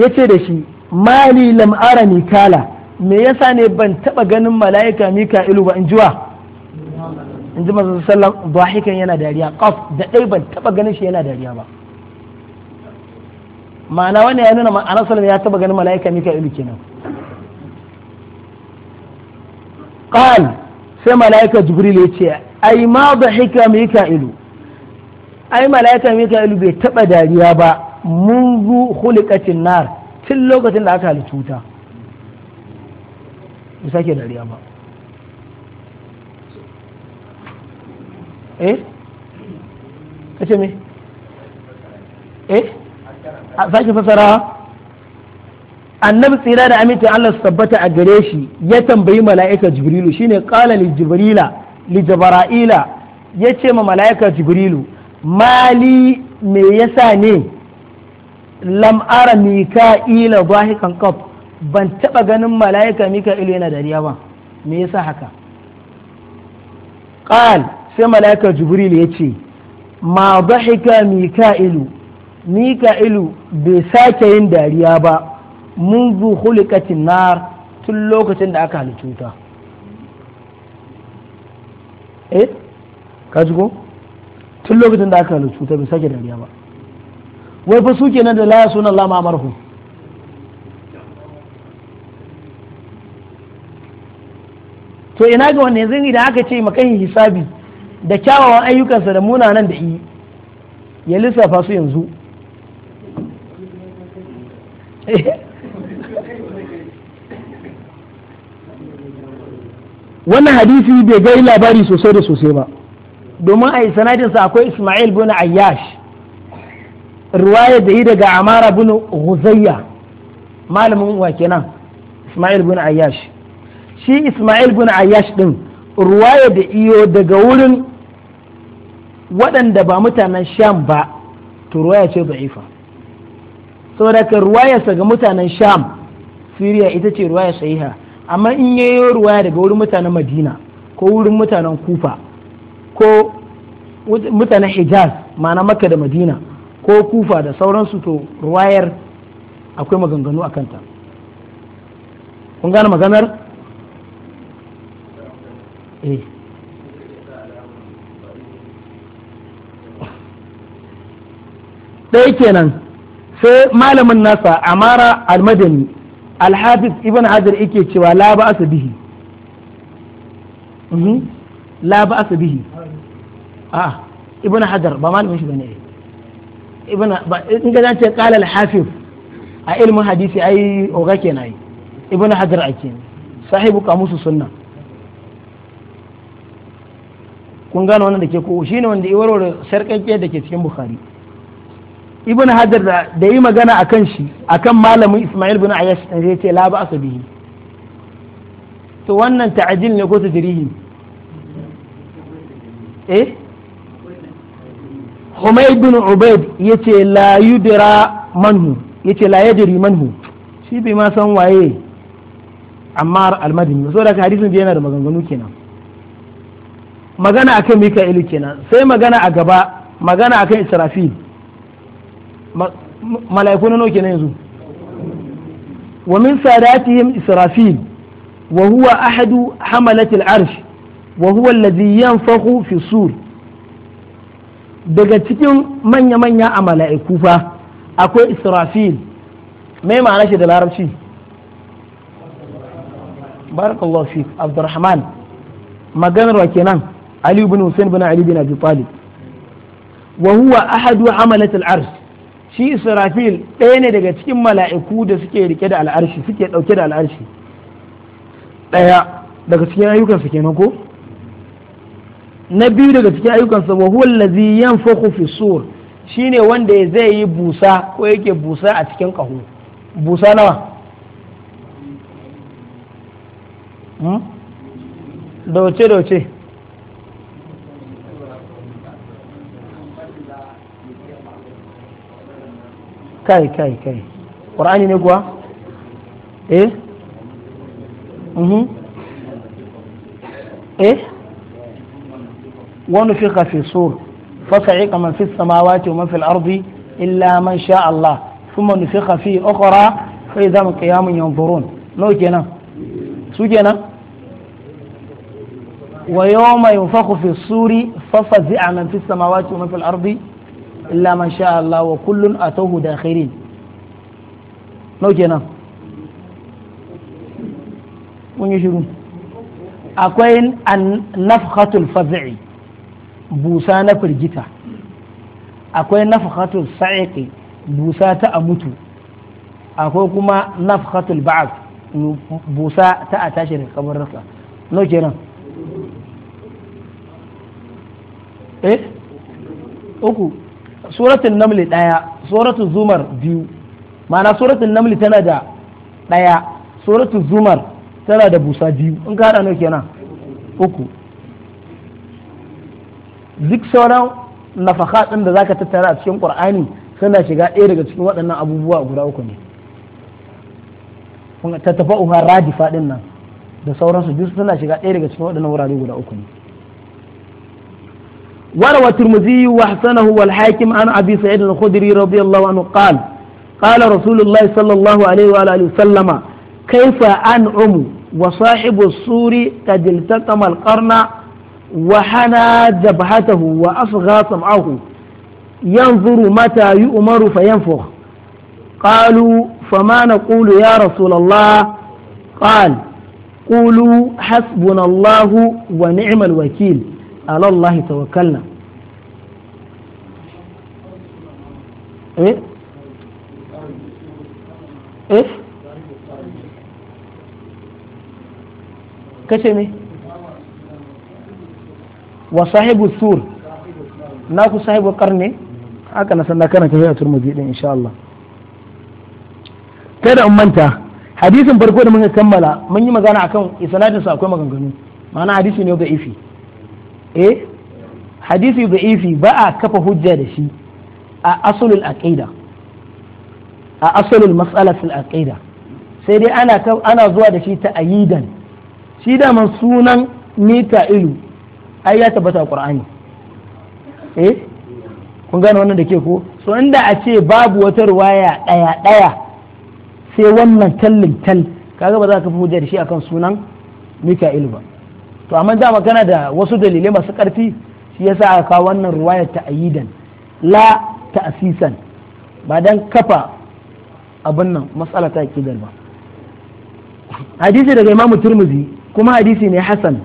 yace da shi mali lam ara mikala me yasa ne ban taba ganin mala'ika mika'ilu ba in jiwa in ji manzo sallam dhahikan yana dariya qaf da dai ban taba ganin shi yana dariya ba ma'ana wannan ya nuna ma'ana sallam ya taba ganin mala'ika mika'ilu kenan qal sai malaika jibril ya ce ai ma dhahika mika'ilu ai bai taɓa dariya ba munzu khuliqatin nar tun lokacin da aka halitta wuta ba sake dariya ba eh kace me annabi tsira da amincin Allah su tabbata a gare shi ya tambayi mala'ika jibrilu shine qala li jibrila li yace ma mala'ika jibrilu mali me yasa ne lam ara mika'ila zahikan qab ban taba ganin mala'ika mika'ilu yana dariya ba me yasa haka qal sai mala'ika jibril yace ma dhahika mika'ilu mika'ilu bai sake yin dariya ba Mun منذ خلقت النار tun lokacin da aka halicci wuta eh ka ji ko tun lokacin da aka halicci wuta bai sake dariya ba wai fa suke nan da laya sunan lama marhu to ina ga wanne yanzu idan aka ce makan hisabi da kyawawan ayyukansa da munanan da yi ya lissafa su yanzu wannan hadisi bai gai labari sosai da sosai ba domin a sanadinsa akwai ismail bin ayyash ruwaya da yi daga amara bin huzayya malamin wa kenan ismail bin ayyash shi ismail bin ayyash din ruwaya da iyo daga wurin waɗanda ba mutanen sham ba to ruwaya ce da'ifa saboda ka ruwayarsa ga mutanen sham siriya ita ce ruwaya sahiha amma in yayo ruwaya daga wurin mutanen madina ko wurin mutanen kufa ko mutanen hijaz ma'ana makka da madina ko kufa da sauransu to ruwayar akwai maganganu a kanta kun gane maganar eh ɗaya kenan sai malamin nasa amara almadani alhafiz ibn hajar yake cewa la ba asa bihi mhm. la ba asa bihi a ibn hajar ba malamin shi bane ibn in ga ce qala alhafiz a ilmin hadisi ai oga kenan ai ibn hajar a ake sahibu kamusu sunna kun gano wannan da ke ko shine wanda iwarwar sarkakke da ke cikin bukhari ibn hajar da yi magana a kan shi a kan malamin ismail bin Ayyash ɗan ya ce laba ba bihi to wannan ta'ajil ne ko tajrihi eh Humayd bin Ubaid ce la yudra manhu ce la yadri manhu shi bai ma san waye Ammar al-Madini so da hadisin da yana da maganganu kenan magana akan Mika'il kenan sai magana a gaba magana akan Israfil mala'iku na nauke na yanzu wa min sadatihim israfil wa huwa ahadu hamalatil arsh wa huwa alladhi yanfakhu fi sur daga cikin manya-manya a mala'iku fa akwai israfil mai ma'ana shi da larabci barakallahu fi abdurrahman maganar wa kenan ali ibn hussein bin ali bin abi talib wa huwa ahadu hamalatil arsh shi israfil ɗaya ne daga cikin mala'iku da suke rike da al'arshi suke ɗauke da al'arshi ɗaya daga cikin ayyukansa kenan ko na biyu daga cikin ayyukansa wa huwa allazi yanfakhu fi sur shine wanda zai yi busa ko yake busa a cikin ƙaho busa nawa hmm? dauce dauce كاي كاي كاي قرآن نقوى إيه مه. إيه ونفخ في صور فصعق من في السماوات ومن في الأرض إلا من شاء الله ثم نفخ في أخرى فإذا من قيام ينظرون نو جنا سو جنا ويوم ينفخ في الصور ففزع من في السماوات ومن في الأرض illa man sha Allah wa kullun atahu dakhirin nau kenan mun yi shiru akwai nafhatul fazi'i busa na firgita akwai nafhatul sa'iqi busa ta a mutu akwai kuma nafhatul ba'ad busa ta a tashi daga kabararsa nau kenan eh uku suratun namli ɗaya, suratun zumar biyu ma'ana suratun namli tana da ɗaya, suratun zumar tana da busa biyu in ka haɗa nawa kenan uku duk sauran nafaka ɗin da zaka tattara a cikin ƙwar'ani suna shiga ɗaya daga cikin waɗannan abubuwa guda uku ne tattafa uha radifa ɗin nan da sauransu duk suna shiga ɗaya daga cikin waɗannan wurare guda uku ne وروى الترمذي وحسنه والحاكم عن أبي سعيد الخدري رضي الله عنه قال قال رسول الله صلى الله عليه وآله وسلم كيف أنعم وصاحب السور قد التقم القرن وحنى جبهته وأصغى سمعه ينظر متى يؤمر فينفخ قالوا فما نقول يا رسول الله قال قولوا حسبنا الله ونعم الوكيل على الله توكلنا إيه إيه كشمي وصاحب الثور ناكو صاحب القرن haka na sanna kana turma turmuzi in sha Allah kada in manta hadisin farko da muka kammala mun yi magana akan isnadin sa akwai maganganu ma'ana hadisi ne da ifi eh hadisi ifi ba a kafa hujja da shi a asulul aqida a asulul mas'alatul aqida sai dai ana ana zuwa da shi ta ayidan shi da man sunan ilu ai ya tabbata a qur'ani eh kun gane wannan da ke ko so inda a ce babu wata ruwaya daya daya sai wannan tallin tal kaga ba za ka fi hujja da shi akan sunan mita-ilu ba to amma da magana da wasu dalilai masu ƙarfi shi yasa aka kawo wannan ruwaya ta ayidan la ta'sisan ba dan kafa abin nan matsala ta ke ba hadisi daga Imam Tirmidhi kuma hadisi ne Hassan.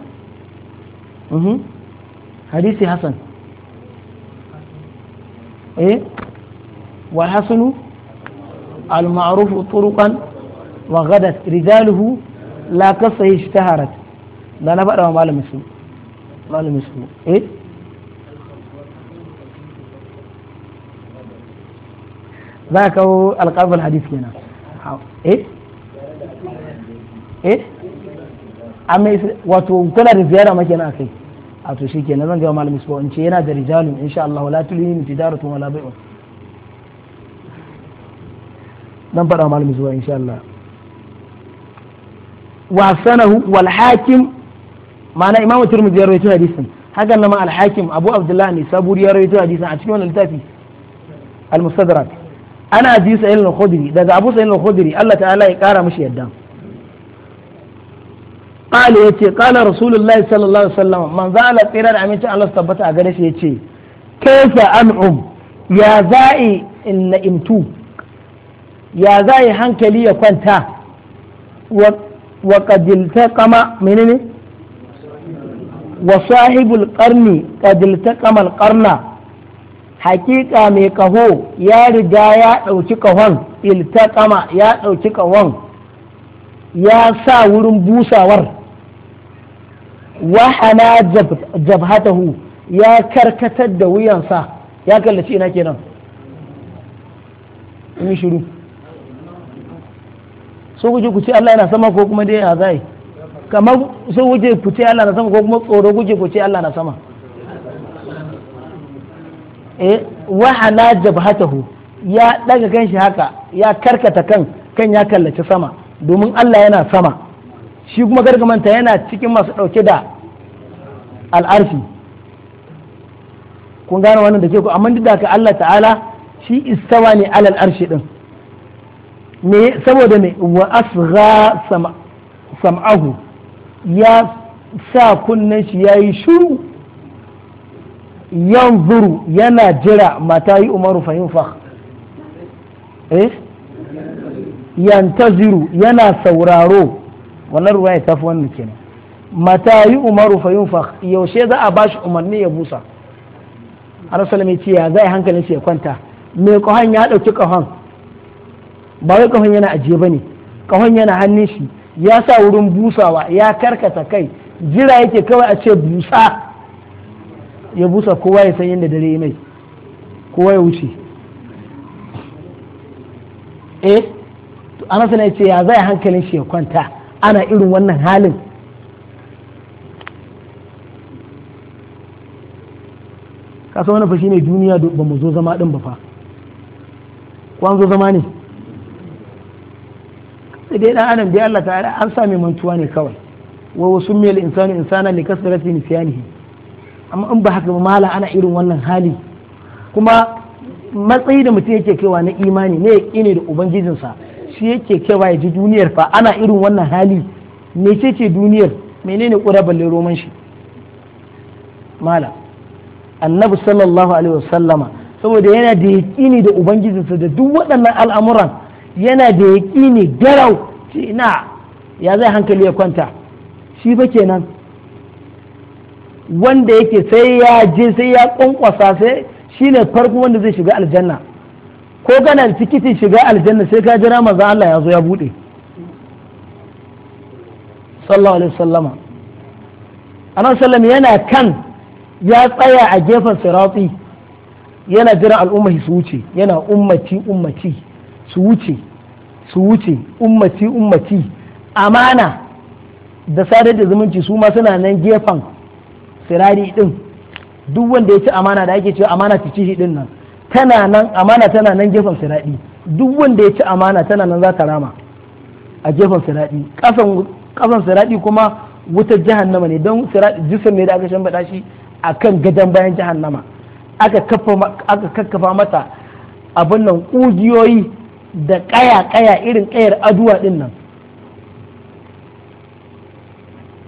Mhm. hadisi Hassan. eh wa hasanu al-ma'ruf turuqan wa ghadat rijaluhu la kasayi ishtaharat لا لا فأنا ما لم يسمو ما لم يسمو إيه ذاك هو القلب الحديث هنا إيه إيه أمي واتو كنا رزيارة ما كنا أخي أتو شيكي نظن جوا ما لم يسمو إن شينا درجال إن شاء الله لا تلين تجارة ولا بيع نم فأنا ما لم يسمو إن شاء الله وحسنه والحاكم ma'ana imamu turmudi ya rawaito hadisin hakan nan al-hakim abu abdullah ne saburi ya rawaito hadisin a cikin wannan littafi al-mustadrak ana ji sa'il al-khudri daga abu sa'il al-khudri Allah ta'ala ya kara mishi yadda قال يتي قال رسول الله صلى الله عليه وسلم من زال da aminci Allah tabbata a gare shi yace kaifa an'um ya za'i hankali ya kwanta wa kama. wa sahibul qarni qad iltaqama qarna hakika mai kaho ya riga ya ɗauki kahon iltakama ya ɗauki kahon ya sa wurin busawar wahana jabhatahu ya karkatar da wuyansa ya kallaci ina kenan in shiru so guje ku ce Allah yana sama ko kuma dai a zai kamar so wuce ku ce Allah na sama ko kuma tsoro kuke ku ce Allah na sama eh wa ala jabhatahu ya daga kan shi haka ya karkata kan kan ya kallaci sama domin Allah yana sama shi kuma gargamanta yana cikin masu dauke da al'arfi kun gane wannan da ke ku amma duk da ka Allah ta'ala shi istawa ne alal arshi din me saboda me wa asgha sam'ahu ya sa kunnen shi ya yi shuru zuru yana jira mata yi umaru fa eh yana sauraro wannan ruwa ya tafi wannan kenan mata yi umaru fa yaushe za a bashi umarni ya busa arasalam ya ce ya zai hankalin shi ya kwanta mai kahon ya ɗauki kahon ba wai kahon yana ajiye ba ne kahon yana hannun shi ya sa wurin busawa ya karkata kai jira yake kawai a ce busa ya busa kowa ya san yadda dare mai kowa ya wuce eh ana ya ce ya zai hankalin shi ya kwanta ana irin wannan halin san wani fashi ne duniya ba mu zo zama din ba fa ko zo zama ne sai dai dan adam dai Allah ta'ala an sami mantuwa ne kawai wa wasu mil insani insana li kasrati nisyanihi amma in ba haka mala ana irin wannan hali kuma matsayi da mutum yake kaiwa na imani ne yake da ubangijinsa shi yake kaiwa ya ji duniyar fa ana irin wannan hali me ce ce duniyar menene ƙura balle roman shi mala annabi sallallahu alaihi wasallama saboda yana da yaƙini da ubangijinsa da duk waɗannan al'amuran yana da yaƙini garau ina ya zai hankali ya kwanta shi ba kenan wanda yake sai ya je sai ya ƙwanƙwasa sai shi ne farko wanda zai shiga aljanna ko gana da tikitin shiga aljanna sai ka jira maza Allah ya zo ya buɗe sallallahu alaihi wasallama annabi sallam yana kan ya tsaya a gefen sirati yana jiran al'umma su wuce yana ummati ummati su wuce su wuce ummati ummati amana da sadar da zumunci su ma suna nan gefen sirari din duk wanda ya ci amana da ake cewa amana ta ci din nan tana nan amana tana nan gefen sirari duk wanda ya ci amana tana nan za ta rama a gefen sirari kasan kasan sirari kuma wutar jahannama ne don sirari jisim ne da aka shambada shi akan gadan bayan jahannama aka kakkafa mata abin nan ƙugiyoyi da ƙaya-ƙaya irin ƙayar aduwa ɗin nan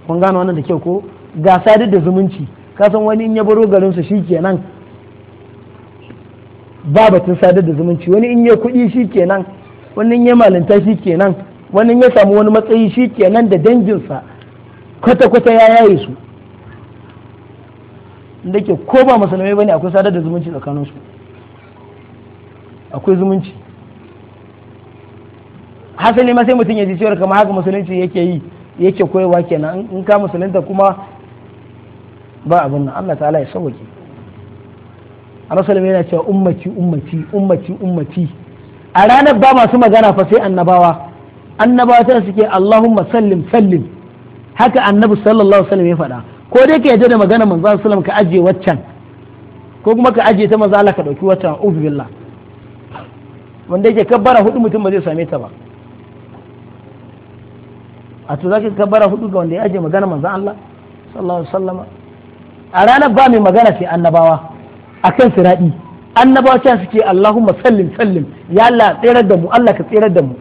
kun gano wannan da kyau ko ga sadar da zumunci kasan wani in ya baro garinsa shi kenan ba batun sadar da zumunci wani in ya kuɗi shi kenan wani in ya malinta shi kenan wani in ya samu wani matsayi shi kenan da danginsa kwata-kwata ya yaye su da ke ko ba musulmai bane akwai sadar da zumunci tsakaninsu akwai zumunci hasali ma sai mutum ya ji cewar kamar haka musulunci yake yi yake koyewa kenan in ka musulunta kuma ba abin nan Allah ta'ala ya sauke Rasulullah yana cewa ummati ummati ummati ummati a ranar ba masu magana fa sai annabawa annabawa ta suke Allahumma sallim sallim haka annabi sallallahu alaihi wasallam ya faɗa ko dai ka yaje da magana manzo sallam ka ajiye waccan ko kuma ka ajiye ta maza Allah ka dauki wata ubillah wanda yake kabbara hudu mutum ba zai same ta ba a to ka bara hudu ga wanda ya aje magana manzon Allah sallallahu alaihi wasallam a ranar ba mai magana sai annabawa akan siradi annabawa cewa suke Allahumma sallim sallim ya Allah tsirar da mu Allah ka tsirar da mu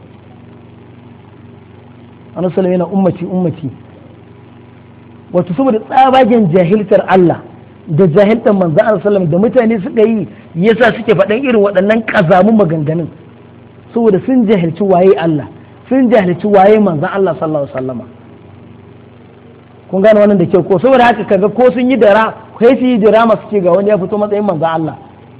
annabi sallallahu yana ummati ummati wato saboda tsabagen jahiltar Allah da jahiltar manzon Allah sallallahu da mutane suka yi yasa suke faɗan irin waɗannan kazamun maganganun saboda sun jahilci waye Allah sun jahilci waye manzan Allah sallallahu alaihi wasallama kun gane wannan da kyau ko saboda haka kaga ko sun yi dara kai su yi dara masu ga wani ya fito matsayin manzan Allah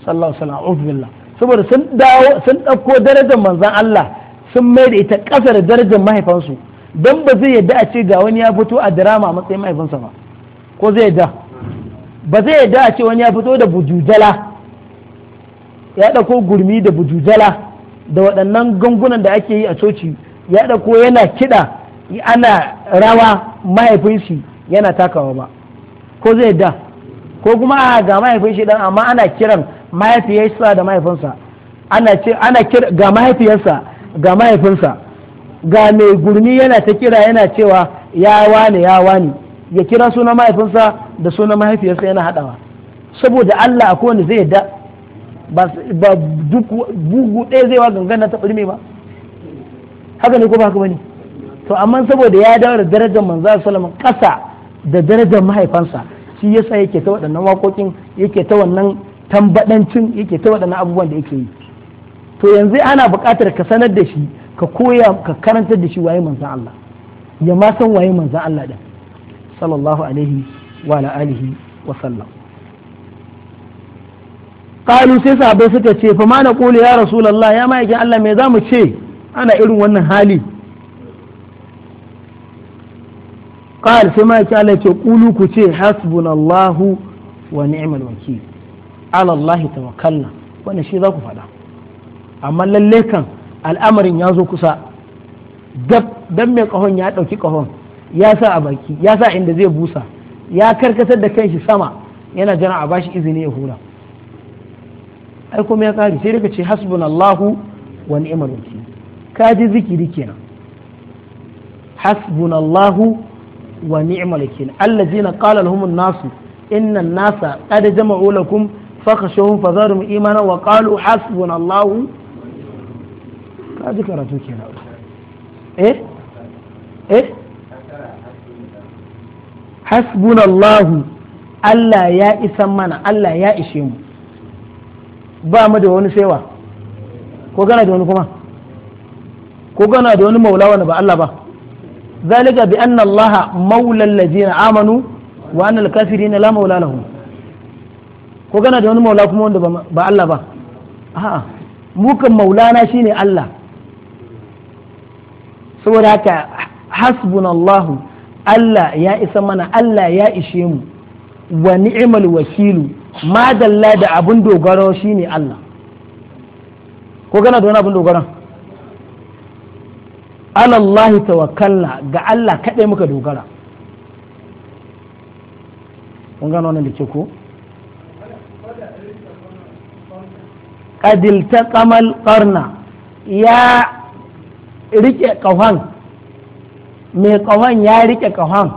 sallallahu alaihi wasallam ubillah saboda sun dawo sun dauko darajar manzan Allah sun mai da ita kasar darajar mahaifansu dan ba zai yadda a ce ga wani ya fito a drama a matsayin mahaifinsa ba ko zai yadda ba zai yadda a ce wani ya fito da bujujala ya dauko gurmi da bujujala da waɗannan gangunan da ake yi a coci ya ko yana kiɗa ana rawa mahaifin yana takawa ba ko zai da ko kuma a ga mahaifin shi dan amma ana kiran mahaifiyarsa da mahaifinsa ana ce ana kira ga mahaifiyarsa ga mahaifinsa ga mai gurmi yana ta kira yana cewa ya wani ya wani ya kira sunan mahaifinsa da sunan mahaifiyarsa yana haɗawa saboda Allah akwai wanda zai da ba duk bugu ɗaya zai wa gangana ta ɓulme ba haka ne ko ba haka bane to amma saboda ya dawo da darajar manzo sallallahu alaihi kasa da darajar mahaifansa shi yasa yake ta waɗannan waƙoƙin yake ta wannan tambadancin yake ta waɗannan abubuwan da yake yi to yanzu ana buƙatar ka sanar da shi ka koya ka karantar da shi waye manzo Allah ya ma san waye manzo Allah din sallallahu alaihi wa alihi wa sallam kalu sai sahabbai suka ce fa ma naqulu ya rasulullah ya ma yake Allah me mu ce ana irin wannan hali qal sai ma yake Allah ce qulu ku ce hasbunallahu wa ni'mal wakil ala Allah tawakkalna wanda shi za ku faɗa amma lalle kan al'amarin ya zo kusa dab dan mai kahon ya ɗauki kahon ya sa a baki ya sa inda zai busa ya karkatar da kanshi sama yana jira a bashi izini ya hula ai kuma ya kare sai daga ce hasbunallahu wa ni'mal wakil ka ji zikiri kenan hasbunallahu wa ni'mal wakil allazina qala lahum an-nasu inna an-nasa qad jama'u lakum fakhshawhum fazadhum imana wa qalu hasbunallahu ka ji karatu kenan eh eh hasbunallahu Allah ya isa mana Allah ya ishe mu ba mu da wani saiwa ko gana da wani kuma ko gana da wani maula wani ba Allah ba zalika bi anna Allah maula allazina amanu wa anna al-kafirina la maula lahum ko gana da wani maula kuma wanda ba Allah ba a'a kan maulana shine Allah saboda haka hasbunallahu Allah ya isa mana Allah ya ishe mu wa ni'mal wakilu dalla da abun dogaro shine Allah ko gana da wani abun dogaro. alallahi tawakkalna ga Allah kaɗai muka dogara kun gano wannan da ke ko ƙarna ya rike ƙahon mai ƙahon ya rike ƙahon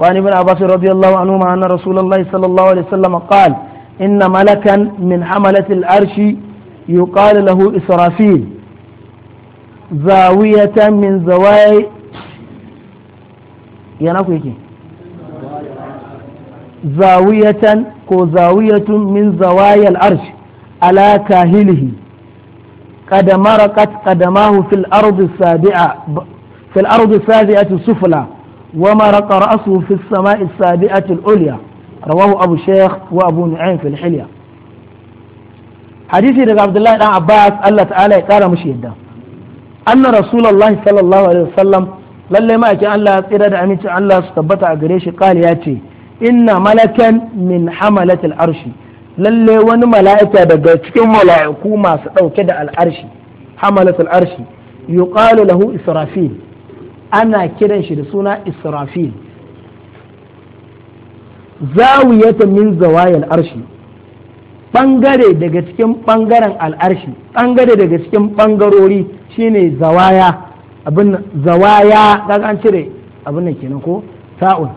وعن ابن عباس رضي الله عنهما أن رسول الله صلى الله عليه وسلم قال إن ملكا من حملة العرش يقال زاوية من زوايا yana ku زاوية كو زاوية من زوايا الأرش على كاهله قد مرقت قدماه في الأرض السابعة في الأرض السابعة السفلى ومرق رأسه في السماء السابعة العليا رواه أبو الشيخ وأبو نعيم في الحلية حديثي لك عبد الله بن عباس الله تعالى قال مش anna rasulullahi sallallahu alaihi wasallam lalle ma ake Allah ya tsira da aminci Allah su tabbata a gare shi qali ya ce inna malakan min hamalatil arshi lalle wani mala'ika daga cikin mala'iku masu dauke da al'arshi hamalatul arshi yuqalu lahu israfil ana kiran shi da suna israfil zawiyatan min zawayil arshi bangare daga cikin bangaren al'arshi bangare daga cikin bangarori shine zawaya abin zawaya kaga an cire abin nan kenan ko ta'un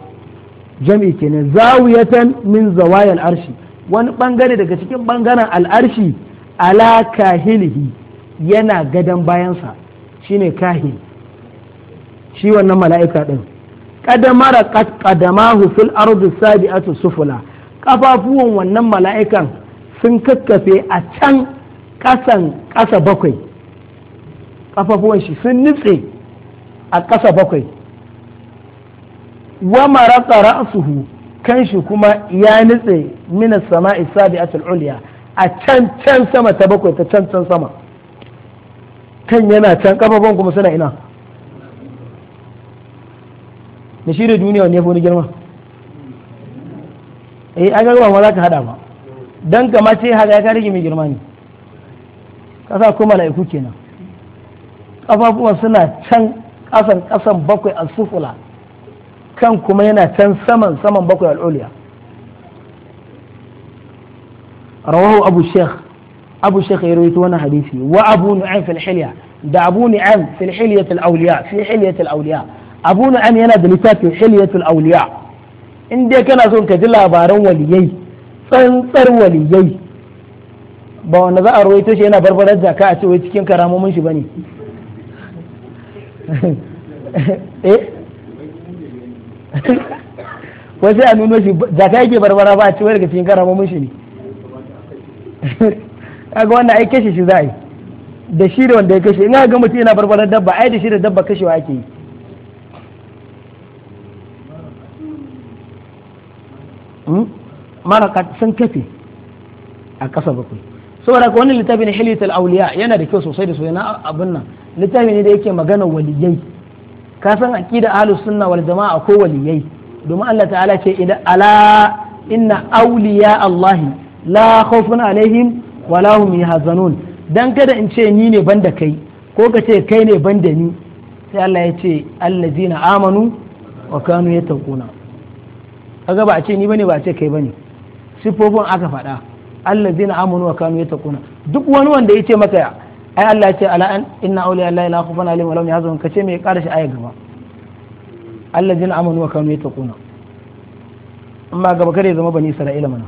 jam'i kenan zawiyatan min zawayal arshi wani bangare daga cikin bangaren al'arshi ala kahilihi yana gadan bayansa shine kahil shi wannan mala'ika din qadamara qadamahu fil ardi sabi'atu sufula kafafuwan wannan mala'ikan sun kakkafe a can ƙasan ƙasa bakwai ƙafafuwan shi sun nutse a ƙasa bakwai wa maraka ra'suhu kan shi kuma ya nutse mina da sabi'atul ulya a can can sama ta bakwai ta can can sama kan yana can ƙafafuwan kuma suna ina na shirya duniya wani ya fi wani girma eh an ga ba ma za ka hada ba dan gama ce haka ya rage mai girma ne kasa ko mala'iku kenan kafafuwan suna can kasan kasan bakwai a sufula kan kuma yana can saman saman bakwai al'uliya rawahu abu sheikh abu sheikh ya rawaito wani hadisi wa abu nu'aym fil hilya da abu nu'aym fil hilyatil awliya fi hilyatil awliya abu nu'aym yana da littafin hilyatul awliya in dai kana son ka ji labaran waliyai tsantsar waliyai ba wanda za a rawaito shi yana barbarar jaka a cewa cikin karamomin shi bane eh wasu sai a nuno shi jaka yake barbara ba a cewa daga cikin karamomin shi ne kaga wannan ai kashe shi za a yi da shi da wanda ya kashe ina ga mutum yana barbarar dabba ai da shi da dabba kashewa ake yi Hmm? maraka sun kafe a ƙasa bakwai saboda ka wani littafi na hilitul auliya yana da kyau sosai da sosai na abin nan littafi ne da yake magana waliyai ka san aqida ahlus sunna wal jama'a ko waliyai domin Allah ta'ala ce idan ala inna auliya Allah la khawfun alaihim wa la hum yahzanun dan kada in ce ni ne banda kai ko ka ce kai ne banda ni sai Allah ya ce allazina amanu wa kanu yattaquna kaga ba a ce ni bane ba a ce kai bane sifofin aka faɗa allazina amanu wa kanu yattaquna duk wani wanda ya ce maka ya. ai Allah ya ce ala an inna awliya Allah la khawfun alaihim wa lahum yahzanun kace me ƙara shi aya gaba allazina amanu wa kanu yattaquna amma gaba kare zama bani isra'ila mana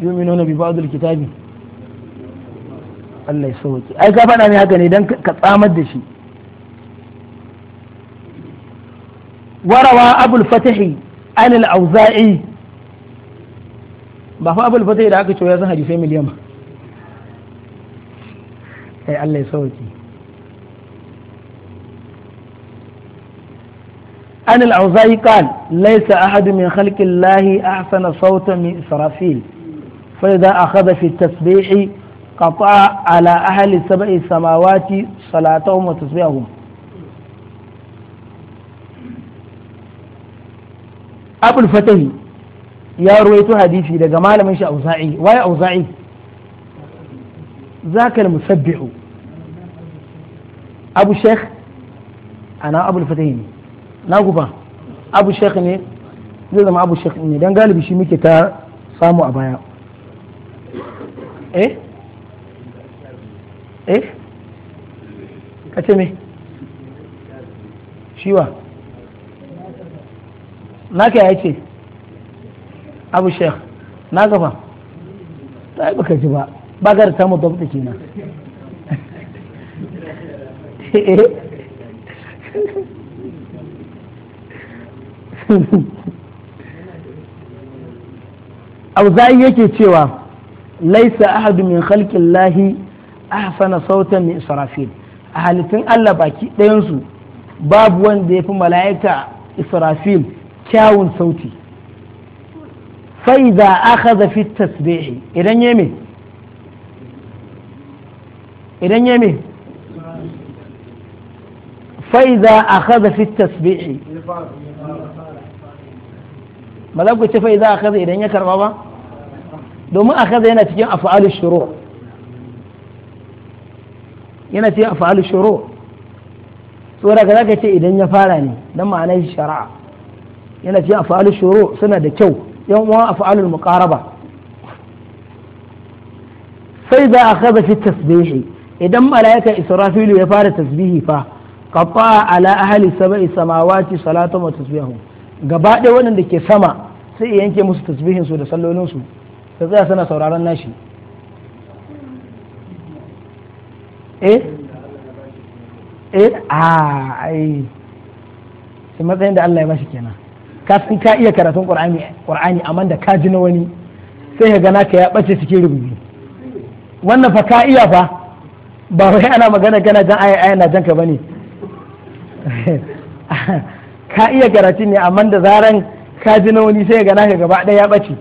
yu'minuna bi ba'd kitabi Allah ya sauke ai ka faɗa ne haka ne dan ka tsamar da shi warawa abul fatahi an al ba fa abul fatai da aka ce ya san hadisai miliyan ba sai Allah ya sauki an al-auza'i qal laysa ahadu min khalqi Allah ahsana sawtan min israfil fa idha akhadha fi at-tasbih قطع على أهل سبع السماوات صلاتهم وتسبيحهم أبو الفتح ya ruwaito hadisi daga malamin shi auza'i waye auza'i zaka al-musabbihu abu sheikh ana abu al ne na guba abu sheikh ne zai zama abu sheikh ne dan galibi shi muke ta samu a baya eh eh kace me shiwa naka ya ce abu sheikh na gaba ta yi baka ji ba ba mu da ke nan abu zai yake cewa laisa ahadu min khalqin lahi ahsana sautan min israfil a halittun Allah baki ɗayansu babu wanda ya fi mala'ika israfil kyawun sauti فإذا أخذ في التسبيح إذن idan إذن يمي فإذا أخذ في tasbihi ba za ku ce fa idan akhadha idan ya karba ba domin akhadha yana cikin af'alu shuru yana cikin af'alu shuru saboda ka zaka ce idan ya fara ne dan ma'anar shari'a yana cikin af'alu shuru suna da kyau yan uwa af'alul muqaraba sai za a kaza fi tasbihi idan mala'ika israfilu ya fara tasbihi fa qatta ala ahli sab'i samawati salatu wa tasbihu gaba ɗaya waɗanda ke sama sai ya yanke musu tasbihin su da sallolin su ta tsaya sana sauraron nashi eh eh ah, ai sai matsayin da Allah ya bashi kenan ka san ka iya karatun qur'ani qur'ani amma da ka ji na wani sai ka gana ka ya bace cikin rubutu wannan fa ka iya fa ba wai ana magana kana jan aya aya na jan ka bane ka iya karatun ne amma da zaran ka ji na wani sai ka gana ka gaba ɗaya ya bace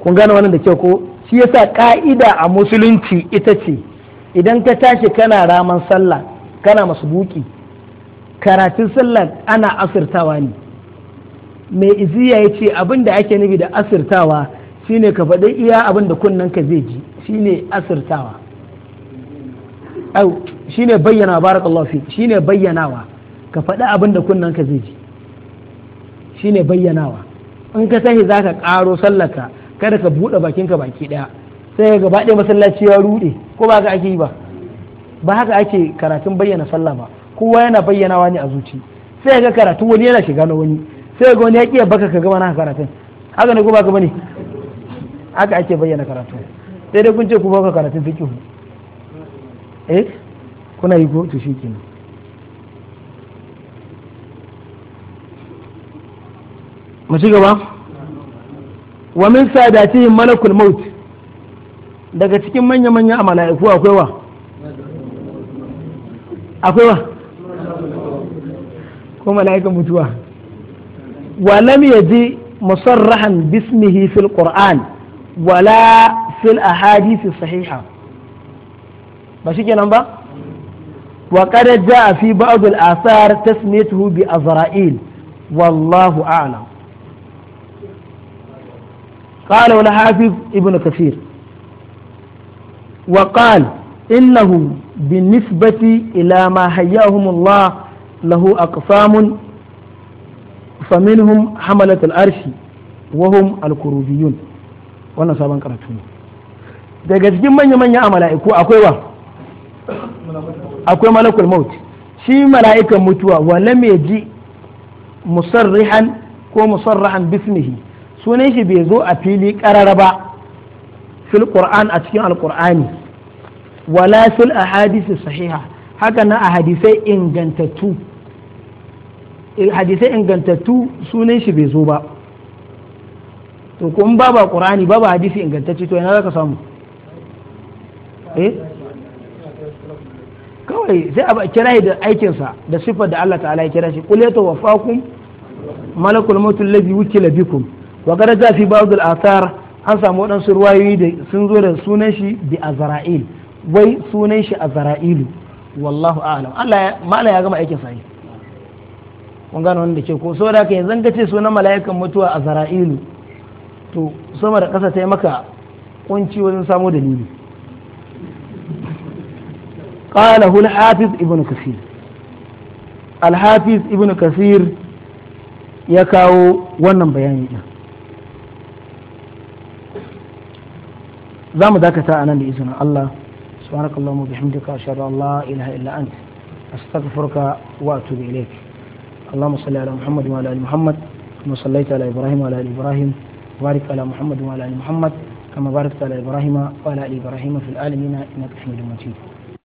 kun gane wannan da kyau ko shi yasa ka'ida a musulunci ita ce idan ka tashi kana raman sallah kana masu buki karatun sallah ana asirtawa ne mai iziya ya ce abin da ake nufi da asirtawa shine ka faɗi iya abin da kunnen ka zai ji shine asirtawa au shine bayyana Allah fi shine bayyanawa ka faɗi abin da kunnen ka zai ji shine bayyanawa in ka tashi ka ƙaro sallaka kada ka buɗe bakinka baki ɗaya sai gaba ɗaya masallaci ya ruɗe ko ba ka ake yi ba ba haka ake karatun bayyana sallah ba kowa yana bayyanawa ne a zuci sai ga karatu wani yana shiga na wani sai ga wani ya ƙiya baka ka gama na karatun haka ne ko baka bane haka ake bayyana karatu sai dai kun ce ku baka karatun fiqh eh kuna yi ko to shikenan mu ci gaba wa min sadatihim malakul maut daga cikin manya manya a mala'iku akwai wa akwai wa ko mala'ikan mutuwa ولم يجي مصرحا باسمه في القرآن ولا في الأحاديث الصحيحة ماشي كده وقد جاء في بعض الآثار تسميته بأزرائيل والله أعلم قال الحافظ ابن كثير وقال إنه بالنسبة إلى ما هيأهم الله له أقسام faminhum hamalat al'arshi wahum al-kurubiyun wannan sabon karatu ne daga cikin manya-manya a mala'iku akwai wa akwai malakul maut shi mala'ikan mutuwa wala mai ji musarrihan ko musarrahan bismihi sunan shi bai zo a fili karara ba fil qur'an a cikin alqur'ani wala fil ahadisi sahiha haka na ahadisai ingantattu hadisai ingantattu sunan shi bai zo ba to kun ba ba qur'ani ba ba hadisi ingantacce to ina zaka samu eh kawai sai a kira da aikinsa da sifar da Allah ta'ala ya kira shi qul tawaffakum malakul maut alladhi wukila bikum wa garaja fi ba'd al-athar an samu waɗansu ruwayoyi da sun zo da sunan shi bi azra'il wai sunan shi azra'ilu wallahu a'lam Allah mala ya gama aikin sa kun gano wanda ke ko saboda haka yanzu ka ce sunan mala'ikan mutuwa a zara'ilu to sama da ƙasa ta yi maka kunci wajen samo dalili qala hul hafiz ibnu kasir al hafiz ibnu kasir ya kawo wannan bayani din zamu dakata a nan da izinin Allah subhanakallahumma bihamdika ashhadu an la ilaha illa anta astaghfiruka wa atubu ilayk اللهم صل على محمد وعلى ال محمد كما صليت على ابراهيم وعلى ال ابراهيم وبارك على محمد وعلى ال محمد كما باركت على ابراهيم وعلى ال ابراهيم في العالمين انك حميد مجيد